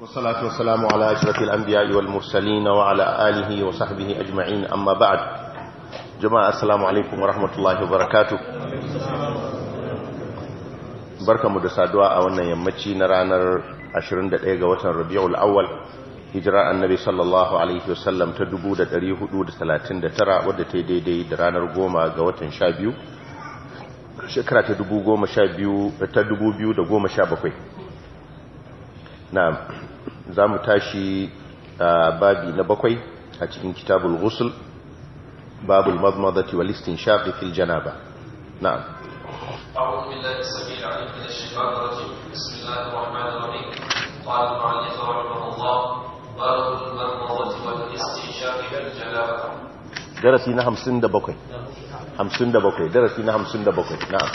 والصلاة والسلام على أشرف الأنبياء والمرسلين وعلى آله وصحبه أجمعين أما بعد جماعة السلام عليكم ورحمة الله وبركاته barka mu da saduwa a wannan yammaci na ranar 21 ga watan Rabiul Awwal hijira annabi sallallahu alaihi wasallam ta 1439 wadda ta daidai da ranar 10 ga watan 12 shekara ta 2017 na'am نعم. za تاشي tashi a babi na bakwai a cikin kitabul ghusl babul mazmadati wal fil janaba na'am أعوذ بالله السميع العليم من الشيطان الرجيم بسم الله الرحمن الرحيم قال المؤلف رحمه الله باب المضمضة والاستنشاق بالجنابة درسي na 57 57 درسي na 57 نعم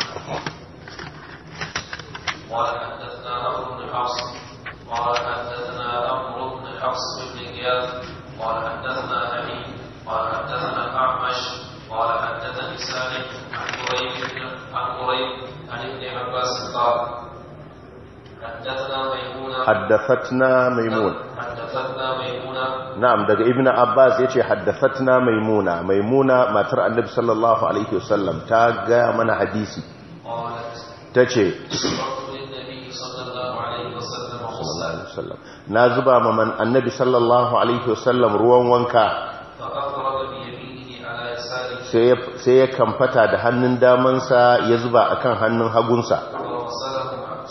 قال حدثنا أبو بن قال حدثنا عمرو بن حفص بن غياث قال حدثنا علي قال حدثنا الاعمش قال حدثني سالم عن قريب عن قريب عن ابن عباس قال حدثنا ميمونه حدثتنا ميمونه na'am daga ibn abbas ya ce haddafatna maimuna maimuna matar annabi sallallahu alaihi wasallam ta gaya mana hadisi ta wasallam na zuba ma man annabi sallallahu alaihi wasallam ruwan wanka sai ya kamfata da hannun damansa ya zuba a kan hannun hagunsa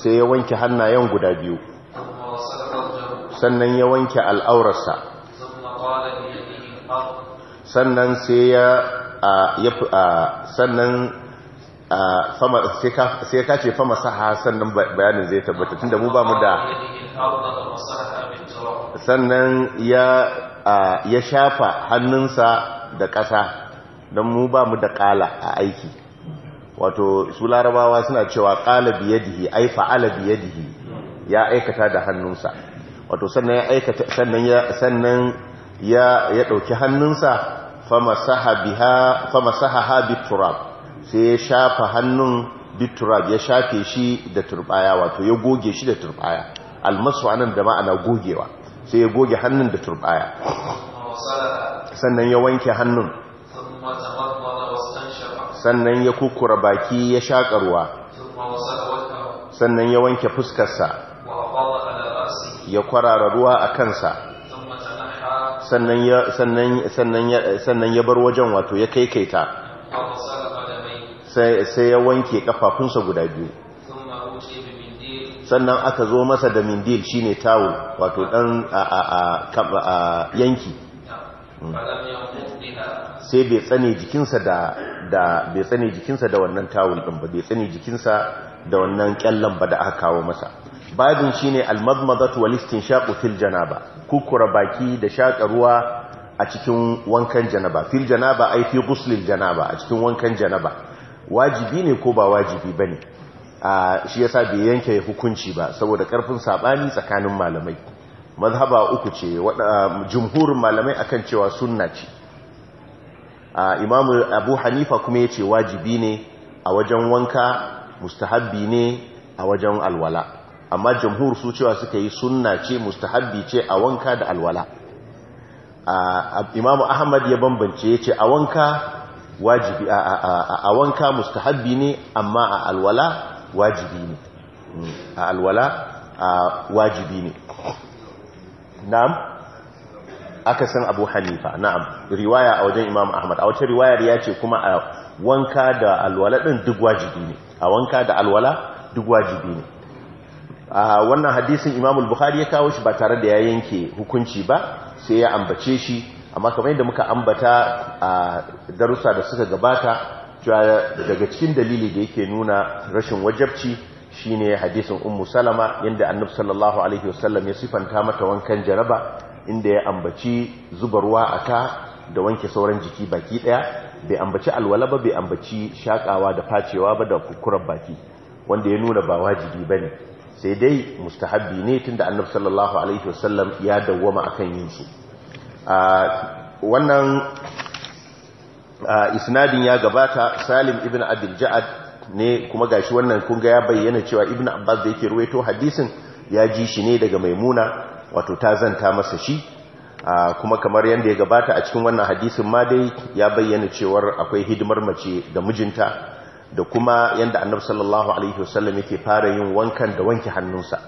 sai ya wanke hannayen guda biyu sannan ya wanke al'aurarsa sannan sai ya ya sannan sai ka ce fama saha sannan bayanin zai tabbata tun da mu ba mu da sannan ya shafa hannunsa da ƙasa don mu ba mu da ƙala a aiki wato su larabawa suna cewa ƙala biyadihi ai fa'ala biyadihi ya aikata da hannunsa wato sannan ya aikata sannan ya sannan hannunsa fama biha ha sai ya shafa hannun biturab ya shafe shi da turbaya wato ya goge shi da turbaya almasu anan da ma'ana gogewa sai ya goge hannun da turbaya sannan ya wanke hannun sannan ya kukura baki ya shakarwa sannan ya wanke fuskarsa ya kwarara ruwa a kansa sannan ya bar wajen wato ya kaikaita sai ya wanke kafafunsa guda biyu sannan aka zo masa da mindil shine tawo wato dan yanki hmm. sai bai tsane jikinsa da da bai tsane jikinsa da wannan tawul din ba bai tsane jikinsa da wannan kyallan ba da aka kawo masa babin shine al-madmadatu wal shaƙo fil janaba kukura baki da shaka ruwa a cikin wankan janaba fil janaba ai fi jana janaba a cikin wankan janaba wajibi ne ko ba wajibi ba ne? a shi ya sa bai yanke hukunci ba saboda karfin sabani tsakanin malamai mazhaba uku ce jumhurin malamai akan cewa sunna ce imamu abu hanifa kuma ya ce wajibi ne a wajen wanka mustahabbi ne a wajen alwala amma jamhur su cewa suka yi sunna ce mustahabbi ce a wanka da alwala imamu ahmad ya bambance ya ce a wanka mustahabbi ne amma a alwala wajibi ne a alwala a wajibi ne na'am aka san abu hanifa na'am riwaya a wajen imam ahmad a wata riwayar ya ce kuma a wanka da alwala ɗin duk wajibi ne a wanka da alwala duk wajibi ne a wannan hadisin imam bukhari ya kawo shi ba tare da ya yanke hukunci ba sai ya ambace shi amma kamar yadda muka ambata a darussa da suka gabata daga cikin dalili da yake nuna rashin wajabci shine hadisin ummu salama yanda annabi sallallahu alaihi wasallam ya sifanta mata wankan jaraba inda ya ambaci zubarwa ruwa a ta da wanke sauran jiki baki daya bai ambaci alwala ba bai ambaci shakawa da facewa ba da kukurar baki wanda ya nuna ba wajibi ba ne, sai dai mustahabbi ne tunda annabi sallallahu alaihi wasallam ya dawwama akan yin shi wannan Ah, isnadin ya gabata salim ibn abdul ja'ad ne kuma gashi wannan kun ga ya bayyana cewa ibn abbas da yake ruwaito hadisin ya ji shi ne daga maimuna wato ta zanta masa shi ah, kuma kamar yadda ya gabata a cikin wannan hadisin ma dai ya bayyana cewar akwai hidimar mace da mijinta da kuma yadda annabi sallallahu alaihi wasallam yake fara yin wankan da wanke hannunsa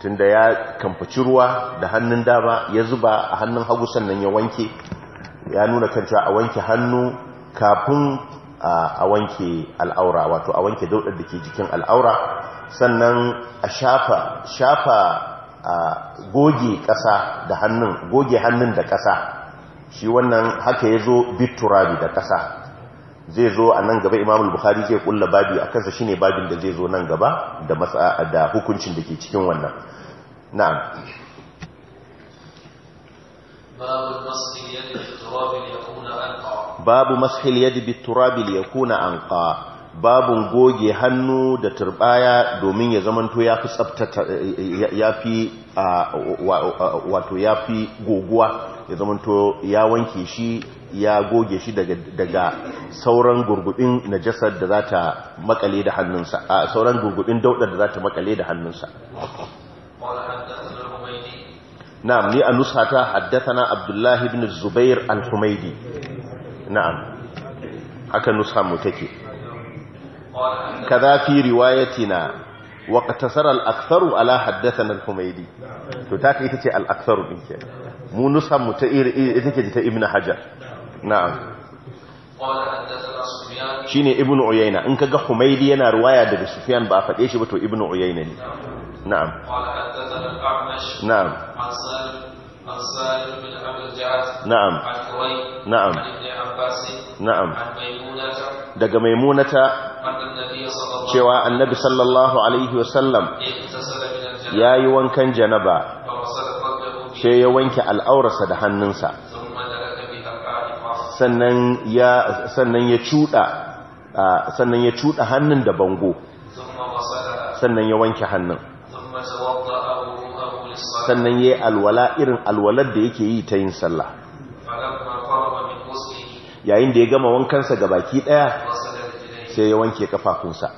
tunda ya kamfaci ruwa da hannun dama ya zuba a hannun hagu sannan ya wanke ya nuna kan cewa a wanke hannu kafin a wanke al'aura wato a wanke daudar da ke jikin al'aura sannan a shafa shafa a goge ƙasa da hannun goge hannun da ƙasa shi wannan haka ya zo biturabi da ƙasa zai zo a nan gaba imamul bukhari zai kulla babi a kansa shine babin da zai zo nan gaba da hukuncin da ke cikin wannan na'am babu mashil yadi kuna an anqa babun goge hannu da turbaya domin ya zamanto yafi tsaftata yafi wato yafi goguwa ya zamanto ya wanke shi ya goge shi daga daga sauran gurgudin najasar da za ta makale da hannunsa sauran gurgudin daudar da za ta makale da hannunsa na'am ni a nusata haddathana abdullahi ibn zubair al-humaidi na'am haka nusa mu take kaza fi riwayatina wa qatasara al-aktharu ala haddathana al-humaidi to ta kai tace al-aktharu din ke mu nusa mu ta iri ta ibnu hajar na'am shine uyayna in yana riwaya daga sufyan ba a fade shi ba to ibnu uyayna ne نعم قال حدثنا الأعمش نعم عن سالم عن سالم بن الجعد نعم عن نعم عن ابن عباس نعم عن ميمونة دق ميمونة النبي صلى الله cewa annabi sallallahu alaihi wasallam ya yi wankan janaba sai ya wanke al'aurarsa da hannunsa sannan ya cuɗa sannan ya cuɗa hannun da bango sannan ya wanke hannun sannan yayi alwala irin alwalar da yake yi ta yin sallah yayin da ya gama wankansa ga baki daya sai ya wanke kafafunsa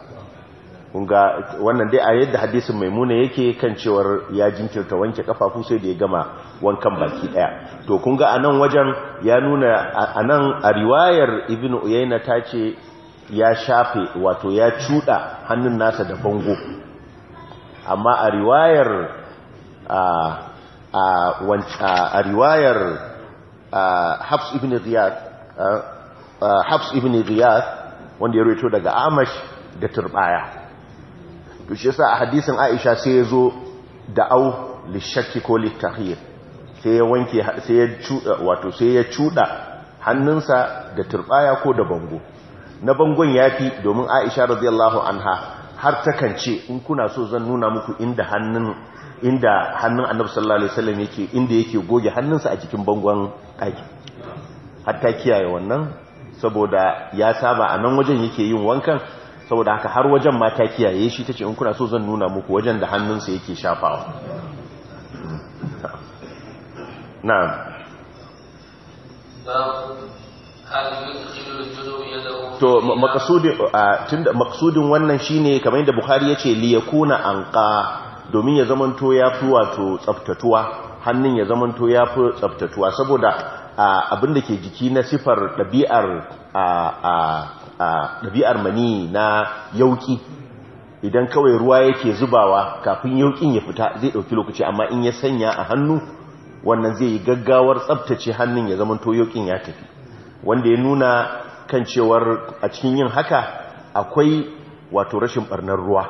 wannan dai a yadda hadisin maimuna yake kan cewar ya jinkirta wanke kafafu sai da ya gama wankan baki daya to kunga anan wajen ya nuna anan a riwayar ibnu uyayna ta ce ya shafe wato ya cuda hannun nasa da bango amma a riwayar a riwayar Habs ibn Riyad wanda ya rito daga Amash da Turbaya to shi yasa a hadisin Aisha sai ya zo da au shakki ko tahir sai ya wanke ya cuda wato sai ya cuda hannunsa da turbaya ko da bango na bangon yafi domin Aisha radiyallahu anha har ta kance in kuna so zan nuna muku inda hannun inda hannun annabi sallallahu alaihi wasallam yake inda yake goge hannunsa a cikin bangon ɗaki hatta kiyaye wannan saboda ya saba a nan wajen yake yin wankan saboda haka har wajen ma ta kiyaye shi tace in kuna so zan nuna muku wajen da hannunsa yake shafawa na'am to makasudin wannan shine kamar yadda bukhari yace liyakuna anqa domin ya zamanto ya fi wato tsaftatuwa hannun ya zamanto ya fi tsaftatuwa saboda abin da ke jiki na sifar ɗabi'ar mani na yauki idan kawai ruwa yake zubawa kafin yaukin ya fita zai ɗauki lokaci amma in ya sanya a hannu wannan zai yi gaggawar tsaftace hannun ya zamanto yaukin ya tafi wanda ya nuna kan cewar a cikin yin haka akwai wato rashin ɓarnar ruwa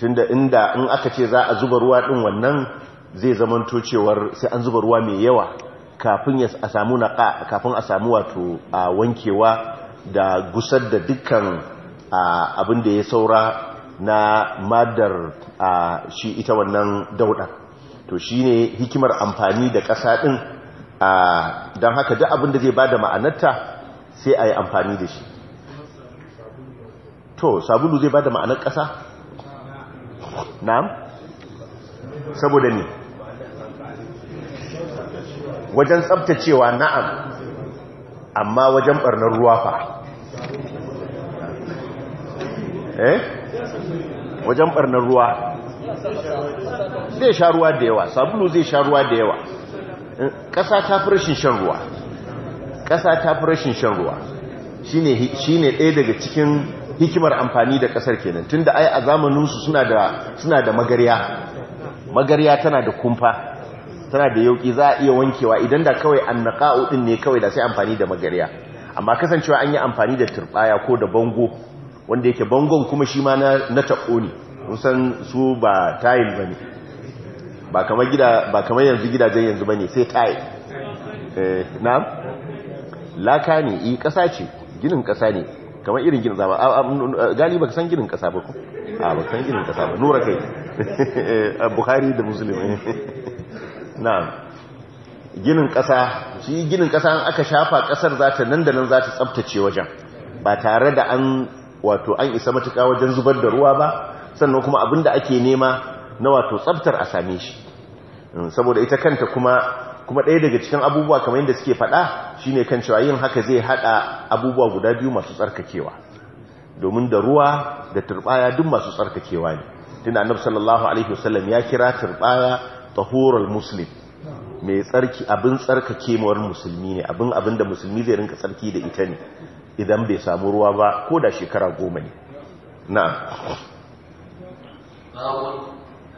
tunda inda in aka ce za a zuba ruwa din wannan zai zamanto cewar sai an zuba ruwa mai yawa kafin a samu ka kafin a samu wato a wankewa da gusar da dukkan abin da ya saura na madar a shi ita wannan dauda to shine hikimar amfani da ƙasa din don haka duk abin da zai bada ma'anarta sai a yi amfani da shi to sabulu zai bada ma'anar ƙasa na'am saboda ne wajen tsabtacewa na'am amma wajen barnar ruwa fa eh wajen barnar ruwa zai sha ruwa da yawa sabulu zai sha ruwa da yawa ƙasa ta fi rashin shan ruwa ƙasa ta fi rashin shan ruwa shi ne ɗaya daga cikin hikimar amfani da kasar kenan tunda ai a zamaninsu suna da suna da magarya magarya tana da kumfa tana da yauki za a iya wankewa idan da kawai annaqa'u din ne kawai da sai amfani da magarya amma kasancewa an yi amfani da turbaya ko da bango wanda yake bangon kuma shi ma na taɓo ne kusan su ba tayil bane ba kamar gida ba kamar yanzu gidajen yanzu bane sai tayil eh na'am laka ne i eh, kasa ce ginin kasa ne kamar irin ginin zama Gani ba san ginin kasa ba ku a ba san ginin kasa ba nura kai buhari da musulmi na ginin kasa shi ginin kasa an aka shafa kasar za ta nan da nan za ta tsabtace wajen ba tare da an wato an isa matuka wajen zubar da ruwa ba sannan kuma abin da ake nema na wato tsabtar a same shi saboda ita kanta kuma kuma ɗaya daga cikin abubuwa kamar yadda suke faɗa shine kan cewa yin haka zai haɗa abubuwa guda biyu masu tsarkakewa domin da ruwa da turbaya duk masu tsarkakewa ne da annabi sallallahu alaihi wasallam ya kira turbaya tahurul muslim mai tsarki abin tsarkakewar musulmi ne abin abin da musulmi zai rinka tsarki da ita ne idan bai samu ruwa ba ko da shekara goma ne na'am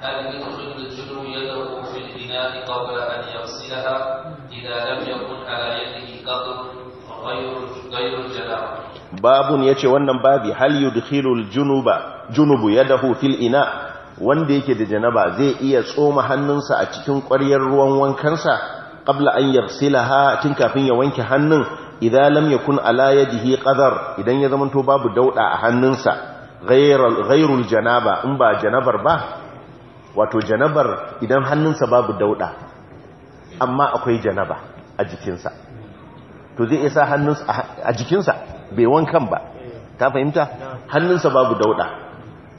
لكن تجر يده في الإناء قبل أن يغسلها إذا لم يكن على يده قطر غير غير الجنابة babun yace wannan babu hal yudkhilul junuba ya dahu fil ina wanda yake da janaba zai iya tsoma hannunsa a cikin ƙwaryar ruwan wankansa qabla an silaha tun kafin ya wanke hannun idan lam yakun ala yadihi qadar idan ya zamanto babu dauda a hannunsa ghayrul janaba in ba janabar ba wato janabar idan hannunsa babu dauda amma akwai janaba a jikinsa to zai isa hannunsa a jikinsa bai wankan ba ta fahimta hannunsa babu dauda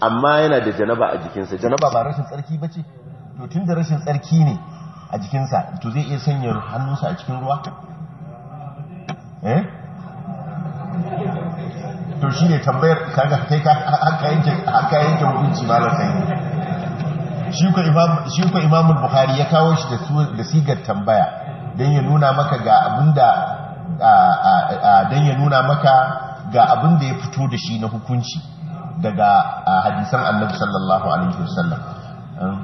amma yana da janaba a jikinsa janaba ba rashin tsarki ba ce to tun da rashin tsarki ne a jikinsa to zai iya sanya hannunsa a cikin ruwa eh to shi ne tambayar kaga kai ka haka yanke haka yanke hukunci malar shi ko imam bukhari ya kawo shi da sigar tambaya don ya nuna maka ga abinda don ya nuna maka ga abin da ya fito da shi na hukunci daga hadisan annabi sallallahu alaihi wasallam um,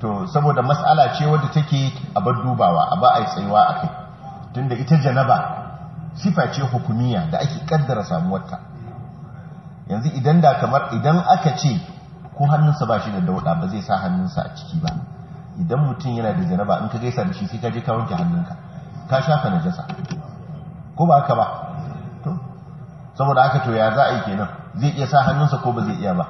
to saboda matsala ce wadda take a bar dubawa a ba a yi tsayuwa a kai tunda ita janaba sifa ce hukumiya da ake kaddara samuwarta yanzu idan da kamar idan aka ce ko hannunsa ba shi da dauda ba zai sa hannunsa a ciki ba idan mutum yana da janaba in ka gaisa da shi sai ka je ka wanke hannunka ka shafa najasa ko ba haka ba to saboda haka to ya za a yi kenan zai iya sa hannunsa ko ba zai iya ba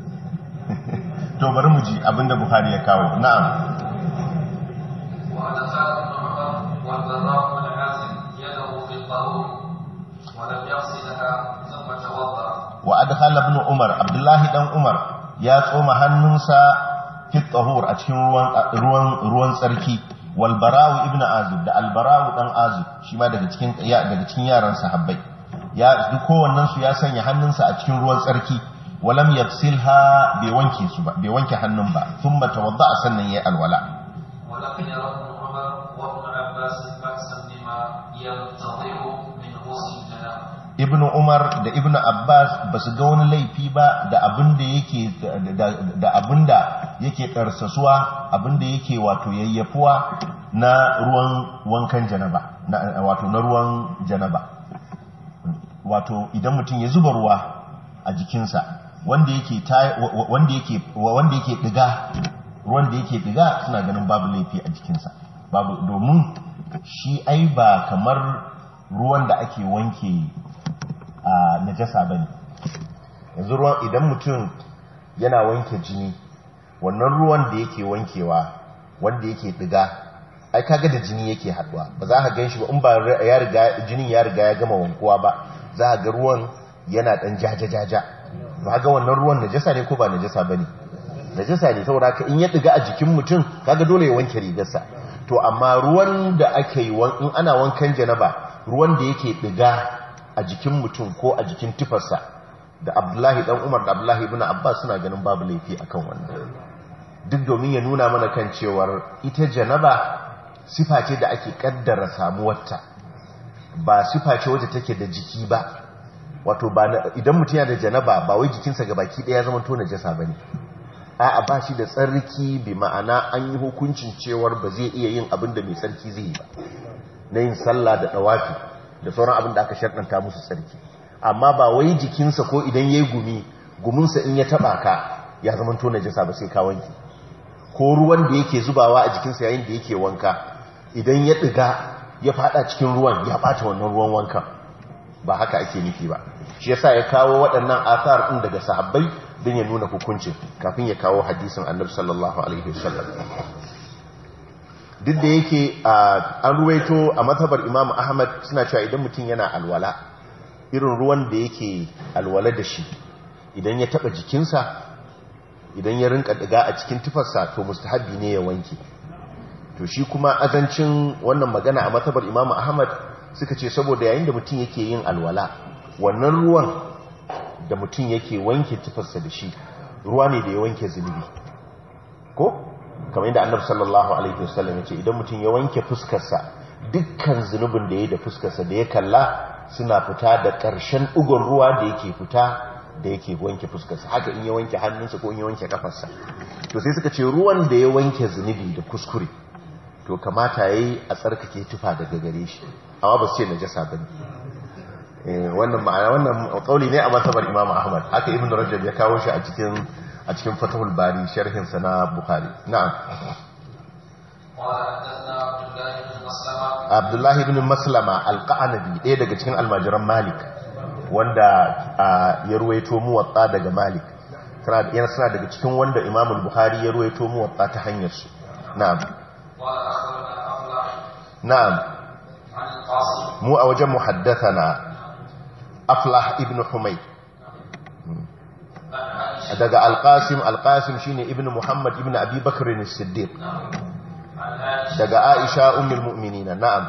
to bari mu ji abinda Buhari ya kawo na'am والبراء العازم يده في الطاعون ولم يغسلها wa adkhala ibn umar abdullahi dan umar ya tsoma hannunsa fi tahur a cikin ruwan ruwan ruwan tsarki wal bara'u ibn azib da al bara'u dan azib shi ma daga cikin daga cikin yaran sahabbai ya duk kowannen su ya sanya hannunsa a cikin ruwan tsarki walam yafsilha bai wanke su ba bai wanke hannun ba thumma tawadda'a sannan yayi alwala walakin ya rabbuna wa ibn abbas ba'san bima yantadhiru ibn umar da ibn abbas ba su ga wani laifi ba da abin da yake da abin da yake karsasuwa abin da yake wato yayyafuwa na ruwan wankan janaba wato na ruwan janaba wato idan mutum ya zuba ruwa a jikinsa wanda yake wanda yake wanda yake diga ruwan da yake diga suna ganin babu laifi a jikinsa babu domin shi ai ba kamar ruwan da ake wanke a najasa bane yanzu ruwan idan mutum yana wanke jini wannan ruwan da yake wankewa wanda yake diga ai kaga da jini yake haduwa ba za ka ganshi ba in ba ya riga jinin ya riga ya gama wankuwa ba za ka ga ruwan yana dan jajajaja ba ga wannan ruwan najasa ne ko ba najasa bane najasa ne saboda ka in ya diga a jikin mutum kaga dole ya wanke rigarsa to amma ruwan da ake yi in ana wankan janaba ruwan da yake diga a jikin mutum ko a jikin tufarsa da abdullahi dan umar da abdullahi ibn abbas suna ganin babu laifi akan wannan duk domin ya nuna mana kan cewar ita janaba sifa ce da ake kaddara samuwarta ba sifa ce take da jiki ba wato idan mutum yana da janaba ba wai jikinsa gabaki baki daya zama jasa ba ne. a'a ba shi da tsarki bi ma'ana an yi hukuncin cewar ba zai iya yin abin da mai tsarki zai yi ba na yin sallah da dawafi da sauran abin da aka sharɗanta musu tsarki amma ba wai jikinsa ko idan ya yi gumi guminsa in ya taɓa ka ya zama tona najasa ba sai ka wanke ko ruwan da yake zubawa a jikinsa yayin da yake wanka idan ya ɗiga ya faɗa cikin ruwan ya ɓata wannan ruwan wankan ba haka ake nufi ba shi yasa ya kawo waɗannan asar ɗin daga sahabbai don ya nuna hukuncin kafin ya kawo hadisin annabi sallallahu alaihi wasallam duk da yake an ruwaito a matabar imam ahmad suna cewa idan mutum yana alwala irin ruwan da yake alwala da shi idan ya taba jikinsa idan ya rinka daga a cikin tufarsa to mustahabi ne ya wanke to shi kuma azancin wannan magana a matabar imam ahmad suka ce saboda yayin da mutum yake yin alwala wannan ruwan da mutum yake wanke tufarsa da shi ruwa ne da ya wanke zunubi ko kamar yadda annabi sallallahu alaihi wasallam ya ce idan mutum ya wanke fuskarsa dukkan zunubin da ya da fuskarsa da ya kalla suna fita da karshen ɗigon ruwa da yake fita da yake wanke fuskarsa haka in ya wanke hannunsa ko in ya wanke kafarsa to sai suka ce ruwan da ya wanke zunubi da kuskure to kamata yayi a tsarkake tufa daga gare shi amma ba su ce najasa ba ne eh, wannan ma'ana wannan kauli ne a matsabar imam ahmad haka ibn rajab ya kawo shi a cikin a cikin fatahul bari sharhin sa na bukhari na'am abdullahi ibn maslama alqanabi ɗaya daga cikin almajiran malik wanda ya ruwaito muwatta daga malik yana suna daga cikin wanda imamul bukhari ya ruwaito muwatta ta hanyar su na'am na'am mu a wajen na aflah ibn humayd daga alƙasim shi ne Ibn muhammad Ibn abi bakr as-siddiq daga aisha mu'mini na na'am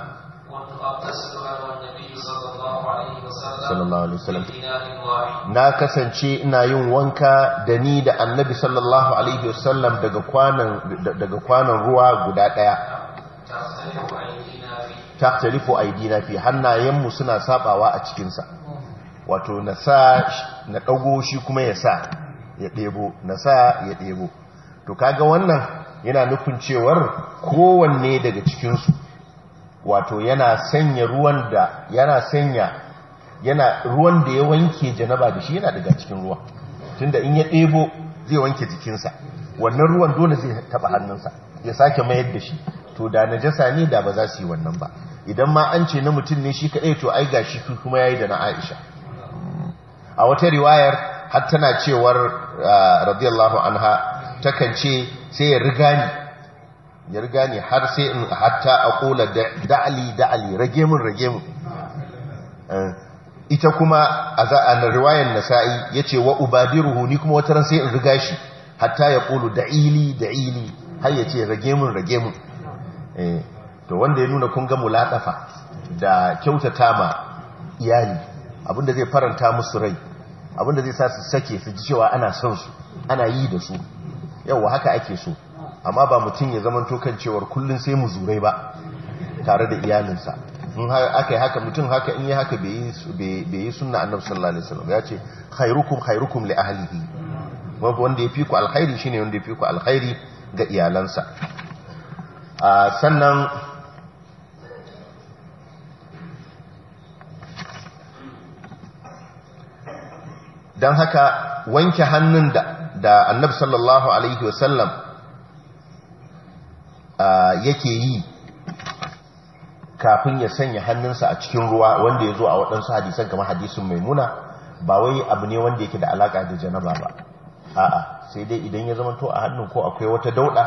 na kasance ina yin wanka da ni da annabi sallallahu alaihi wasallam daga kwanan ruwa guda daya tahtalifu aidina fi hannayenmu suna sabawa a cikinsa. wato na sa na ɗago shi kuma ya sa ya ɗebo na sa ya ɗebo to kaga wannan yana nufin cewar kowanne daga cikinsu wato yana sanya ruwan da yana sanya yana ruwan da ya wanke janaba da shi yana daga cikin ruwa tunda in ya ɗebo zai wanke jikinsa wannan ruwan dole zai taɓa hannunsa ya sake mayar da shi to da najasa ne da ba za su yi wannan ba idan ma an ce na mutum ne shi kaɗai to ai gashi kuma ya yi da na aisha a wata riwayar har tana cewar ah, radiyallahu anha takan ce sai ya riga ni ya riga ni har sai in hatta a kula da'ali da'ali rage mun rage mun eh, ita kuma a za'an riwayar nasa'i ya ce wa ubadiruhu ni kuma wata ran sai in riga shi hatta ya kulu da'ili da'ili har ya ce rage mun rage mun eh, to wanda ya nuna kun ga mulatafa da kyautata ma iyali abinda zai faranta musu rai abinda zai sa su sake su ji cewa ana son su ana yi da su yau haka ake so amma ba mutum ya zama tokan cewar kullum sai mu zurai ba tare da iyalinsa in aka yi haka mutum haka in yi haka bai yi sunna annabi sallallahu alaihi wasallam ya ce khairukum khairukum li ahlihi wanda ya fi ku alkhairi shine wanda ya fi alkhairi ga iyalansa ah, sannan don haka wanke hannun da da annabi sallallahu alaihi wasallam yake yi kafin ya sanya hannunsa a cikin ruwa wanda ya zo a waɗansu hadisan kamar hadisun maimuna ba wai abu ne wanda yake da alaƙa da janaba ba a'a sai dai idan ya zama to a hannun ko akwai wata dauɗa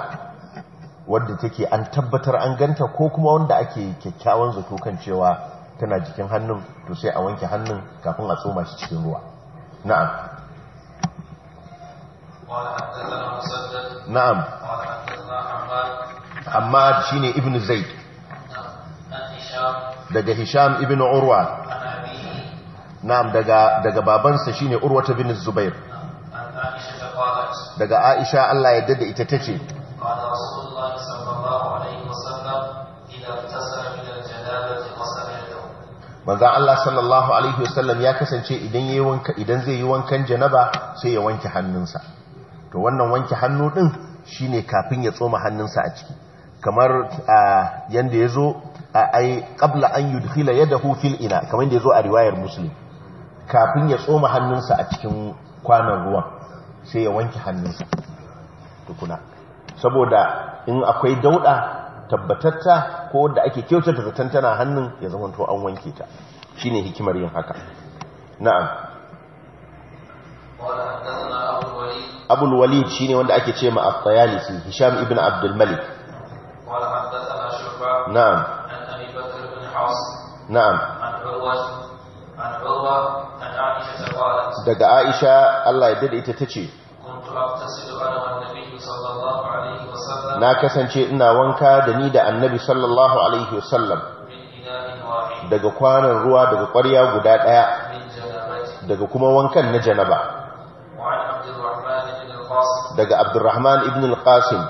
wadda take an tabbatar an ganta ko kuma wanda ake kyakkyawan zato kan cewa tana jikin hannun to sai a wanke hannun kafin a tsoma shi cikin ruwa نعم قال حدثنا مسدد نعم قال daga Hisham ibn Urwa na'am daga daga babansa shine Urwa ibn Zubair daga Aisha Allah ya dade ita ta ce. manzo Allah sallallahu alaihi wasallam ya kasance idan zai yi wankan janaba sai ya wanke hannunsa to wannan wanke hannu din shine kafin ya tsoma hannunsa a ciki kamar yanda ya zo ai qabla an yudkhila yadahu fil ina kamar yanda ya a riwayar muslim kafin ya tsoma hannunsa a cikin kwanan ruwa sai ya wanke hannunsa tukuna saboda in akwai dauda tabbatatta ko wadda ake kyautata zaton tana hannun ya zama to an wanke ta shine hikimar yin haka na'am abul walid shine wanda ake ce ma at hisham ibn Abdulmalik. na'am na'am daga aisha Allah ya dade ita ta ce. na kasance ina wanka da ni da annabi sallallahu alaihi wasallam daga kwanan ruwa daga kwarya guda ɗaya daga kuma wankan na janaba daga abdurrahman ibn al-qasim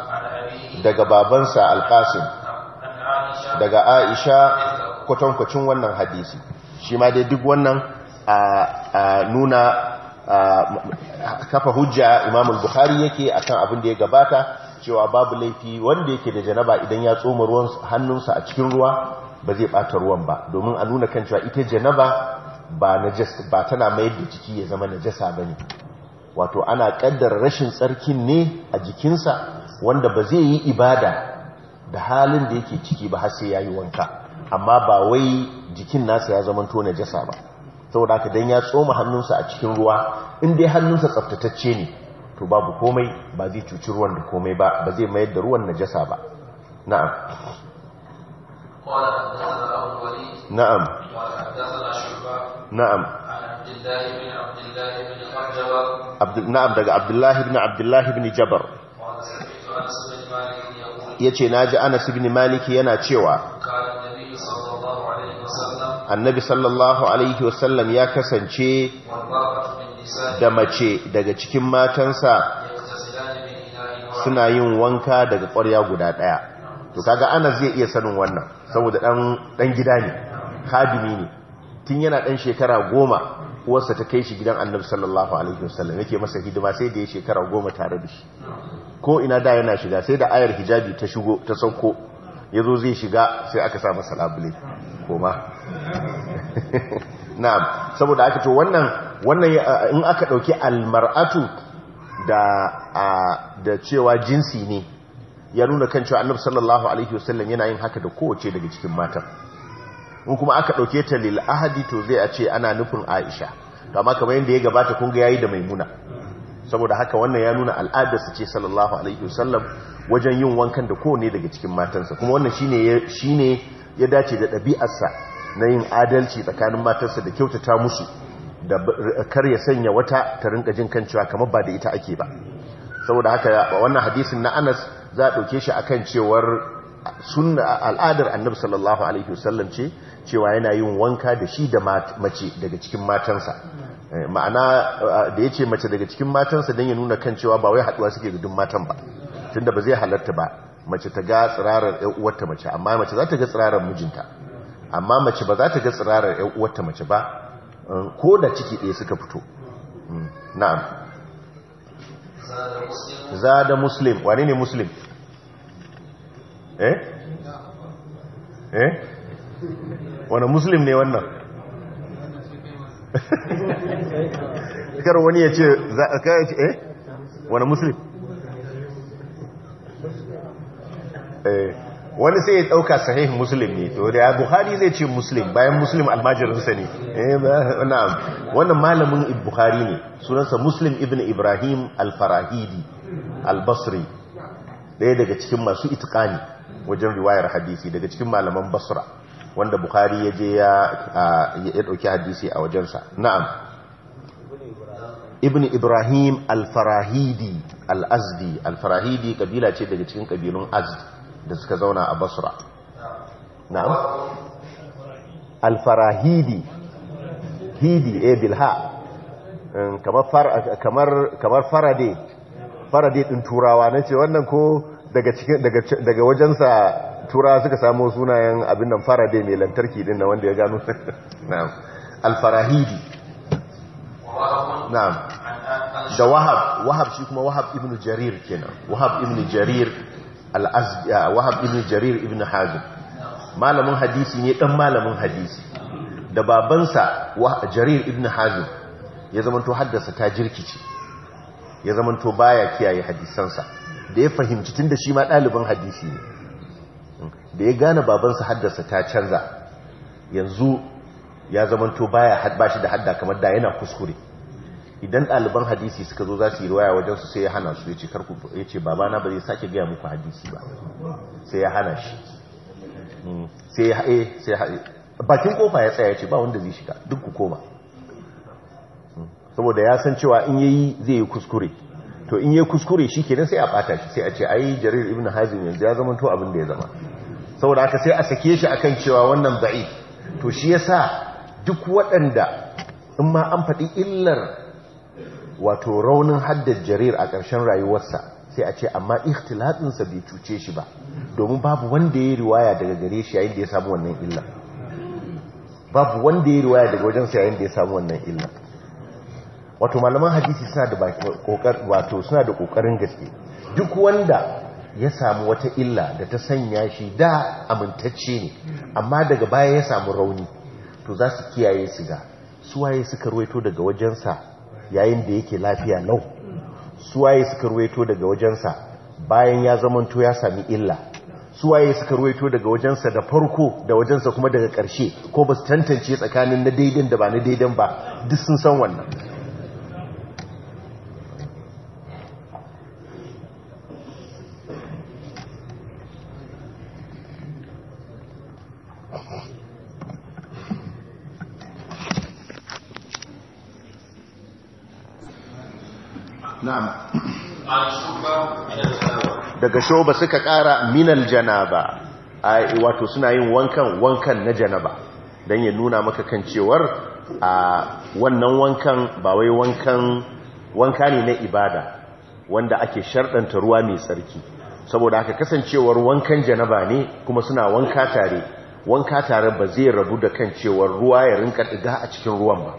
daga babansa al-qasim daga aisha kwatankwacin wannan hadisi shi ma dai duk wannan a nuna kafa hujja Imam al-Bukhari yake akan abin da ya gabata cewa babu laifi wanda yake da janaba idan ya tsoma ruwan hannunsa a cikin ruwa ba zai bata ruwan ba domin a nuna kan cewa ita janaba ba najis ba tana mayar da jiki ya zama najasa bane wato ana kaddara rashin tsarkin ne a jikinsa wanda ba zai yi ibada da halin da yake ciki ba har sai yayi wanka amma ba wai jikin nasa ya zama to najasa ba saboda haka dan ya tsoma hannunsa a cikin ruwa in dai hannunsa tsaftatacce ne to babu komai ba zai cuci ruwan da komai ba ba zai mayar da ruwan najasa ba na'am na'am na'am na'am daga abdullahi ibn abdullahi ibn jabar yace naji anas ibn maliki yana cewa annabi sallallahu alaihi wasallam ya kasance da mace daga cikin matansa suna yin wanka daga ƙwarya guda ɗaya to kaga ana zai iya sanin wannan saboda ɗan gida ne hadimi ne tun yana ɗan shekara goma uwarsa ta kai shi gidan annabi sallallahu alaihi wasallam yake masa hidima sai da ya shekara goma tare da shi ko ina da yana shiga sai da ayar hijabi ta shigo ta sauko ya zo zai shiga sai aka sa masa labule koma na'am saboda aka to wannan wannan uh, in aka dauki almar'atu da uh, da cewa jinsi ne ya nuna kan cewa annabi sallallahu alaihi wasallam yana yin haka da kowace daga cikin mata in kuma aka dauke ta lil ahadi to zai a ce ana nufin Aisha kama kamar yanda ya gabata kun ga yayi da Maimuna saboda haka wannan ya nuna su ce sallallahu alaihi wasallam wajen yin wankan da kowane daga cikin matansa kuma wannan shine shine ya dace da ɗabi'arsa na yin adalci tsakanin matarsa da kyauta ta musu da kar ya sanya wata ta rinka jin kan cewa kamar ba da ita ake ba saboda haka wannan hadisin na Anas za a dauke shi akan cewar sunna al'adar Annabi sallallahu alaihi wasallam ce cewa yana yin wanka da shi da mace daga cikin matansa eh, ma'ana da yace mace daga cikin matansa dan ya nuna kan cewa ba wai haɗuwa suke gudun matan ba tunda ba zai halarta ba mace ta ga tsirarar uwarta mace amma mace za ta ga tsirarar mijinta amma mace ba za ta ga tsirarar ‘yan uwarta mace ba eh, ko da ciki ɗaya suka fito mm, na'am za da muslim wani ne muslim eh eh wani muslim ne wannan kar wani ya ce za a kayan ce eh wani muslim eh wani sai ya dauka sahih muslim ne to da bukhari zai ce muslim bayan muslim almajirinsa ne eh, wannan malamin bukhari ne sunansa muslim ibn ibrahim al-farahidi al-basri daya daga cikin masu itikani wajen riwayar hadisi daga cikin malaman basra wanda bukhari ya je ya dauki hadisi a wajensa na'am ibn ibrahim al-farahidi al-azdi al-farahidi kabila ce daga cikin kabilun azdi da suka zauna a basra na'am alfarahidi hidi e bilha mm, kamar farade farade din turawa na ce wannan ko daga wajensa turawa suka samo sunayen abin nan farade mai lantarki din na wanda ya gano na'am alfarahidi na'am da wahab wahab shi kuma wahab ibn jarir kenan wahab ibn jarir wahab ibn jarir ibn hajjim malamin hadisi ne dan malamin hadisi da babansa jarir ibn hajjim ya zamanto haddasa ta jirkice ya zamanto baya kiyaye hadisansa da ya fahimci tun da shi ma ɗaliban hadisi ne da ya gane babansa haddasa ta canza yanzu ya zamanto baya ba shi da hadda kamar da yana kuskure idan ɗaliban hadisi suka zo za su yi riwaya wajen su sai ya hana su ya ce babana ba zai sake gaya muku hadisi ba sai ya hana shi hmm. sai ya haɗe eh, sai ya haɗe eh, bakin kofa ya tsaya ce ba wanda zai shiga duk ku koma hmm. saboda ya san cewa in yayi zai yi kuskure to in yayi kuskure shi kenan sai a ɓata shi sai a ce ayi jarir ibn hazim yanzu ya zama to abin da ya zama saboda haka sai a sake shi akan cewa wannan da'i to shi yasa duk waɗanda in ma an faɗi illar wato raunin haddar jarir a ƙarshen rayuwarsa sai a ce amma ikhtilatinsa bai cuce shi ba domin babu wanda ya riwaya daga gare shi yayin da ya samu wannan illa babu wanda ya riwaya daga wajen sa yayin da ya samu wannan illa wato malaman hadisi suna da kokar wato suna da kokarin gaske duk wanda ya samu wata illa da ta sanya shi da amintacce ne amma daga baya ya samu rauni to za su kiyaye su ga suwaye suka ruwaito daga wajensa yayin da yake lafiya lau suwaye suka ruwaito daga wajensa bayan ya zamanto ya sami illa suwaye suka ruwaito daga wajensa da farko da wajensa kuma daga ƙarshe ko ba su tantance tsakanin na daidan da ba na daidan ba duk sun san wannan na'am daga shoba suka ƙara minal janaba wato suna yin wankan wankan na janaba dan ya nuna maka kan cewar a wannan wankan ba wai wankan wanka ne na ibada wanda ake sharɗanta ruwa mai tsarki saboda haka kasancewar wankan janaba ne kuma suna wanka tare wanka tare ba zai rabu da kan cewar ruwa ya rinka ɗiga a cikin ruwan ba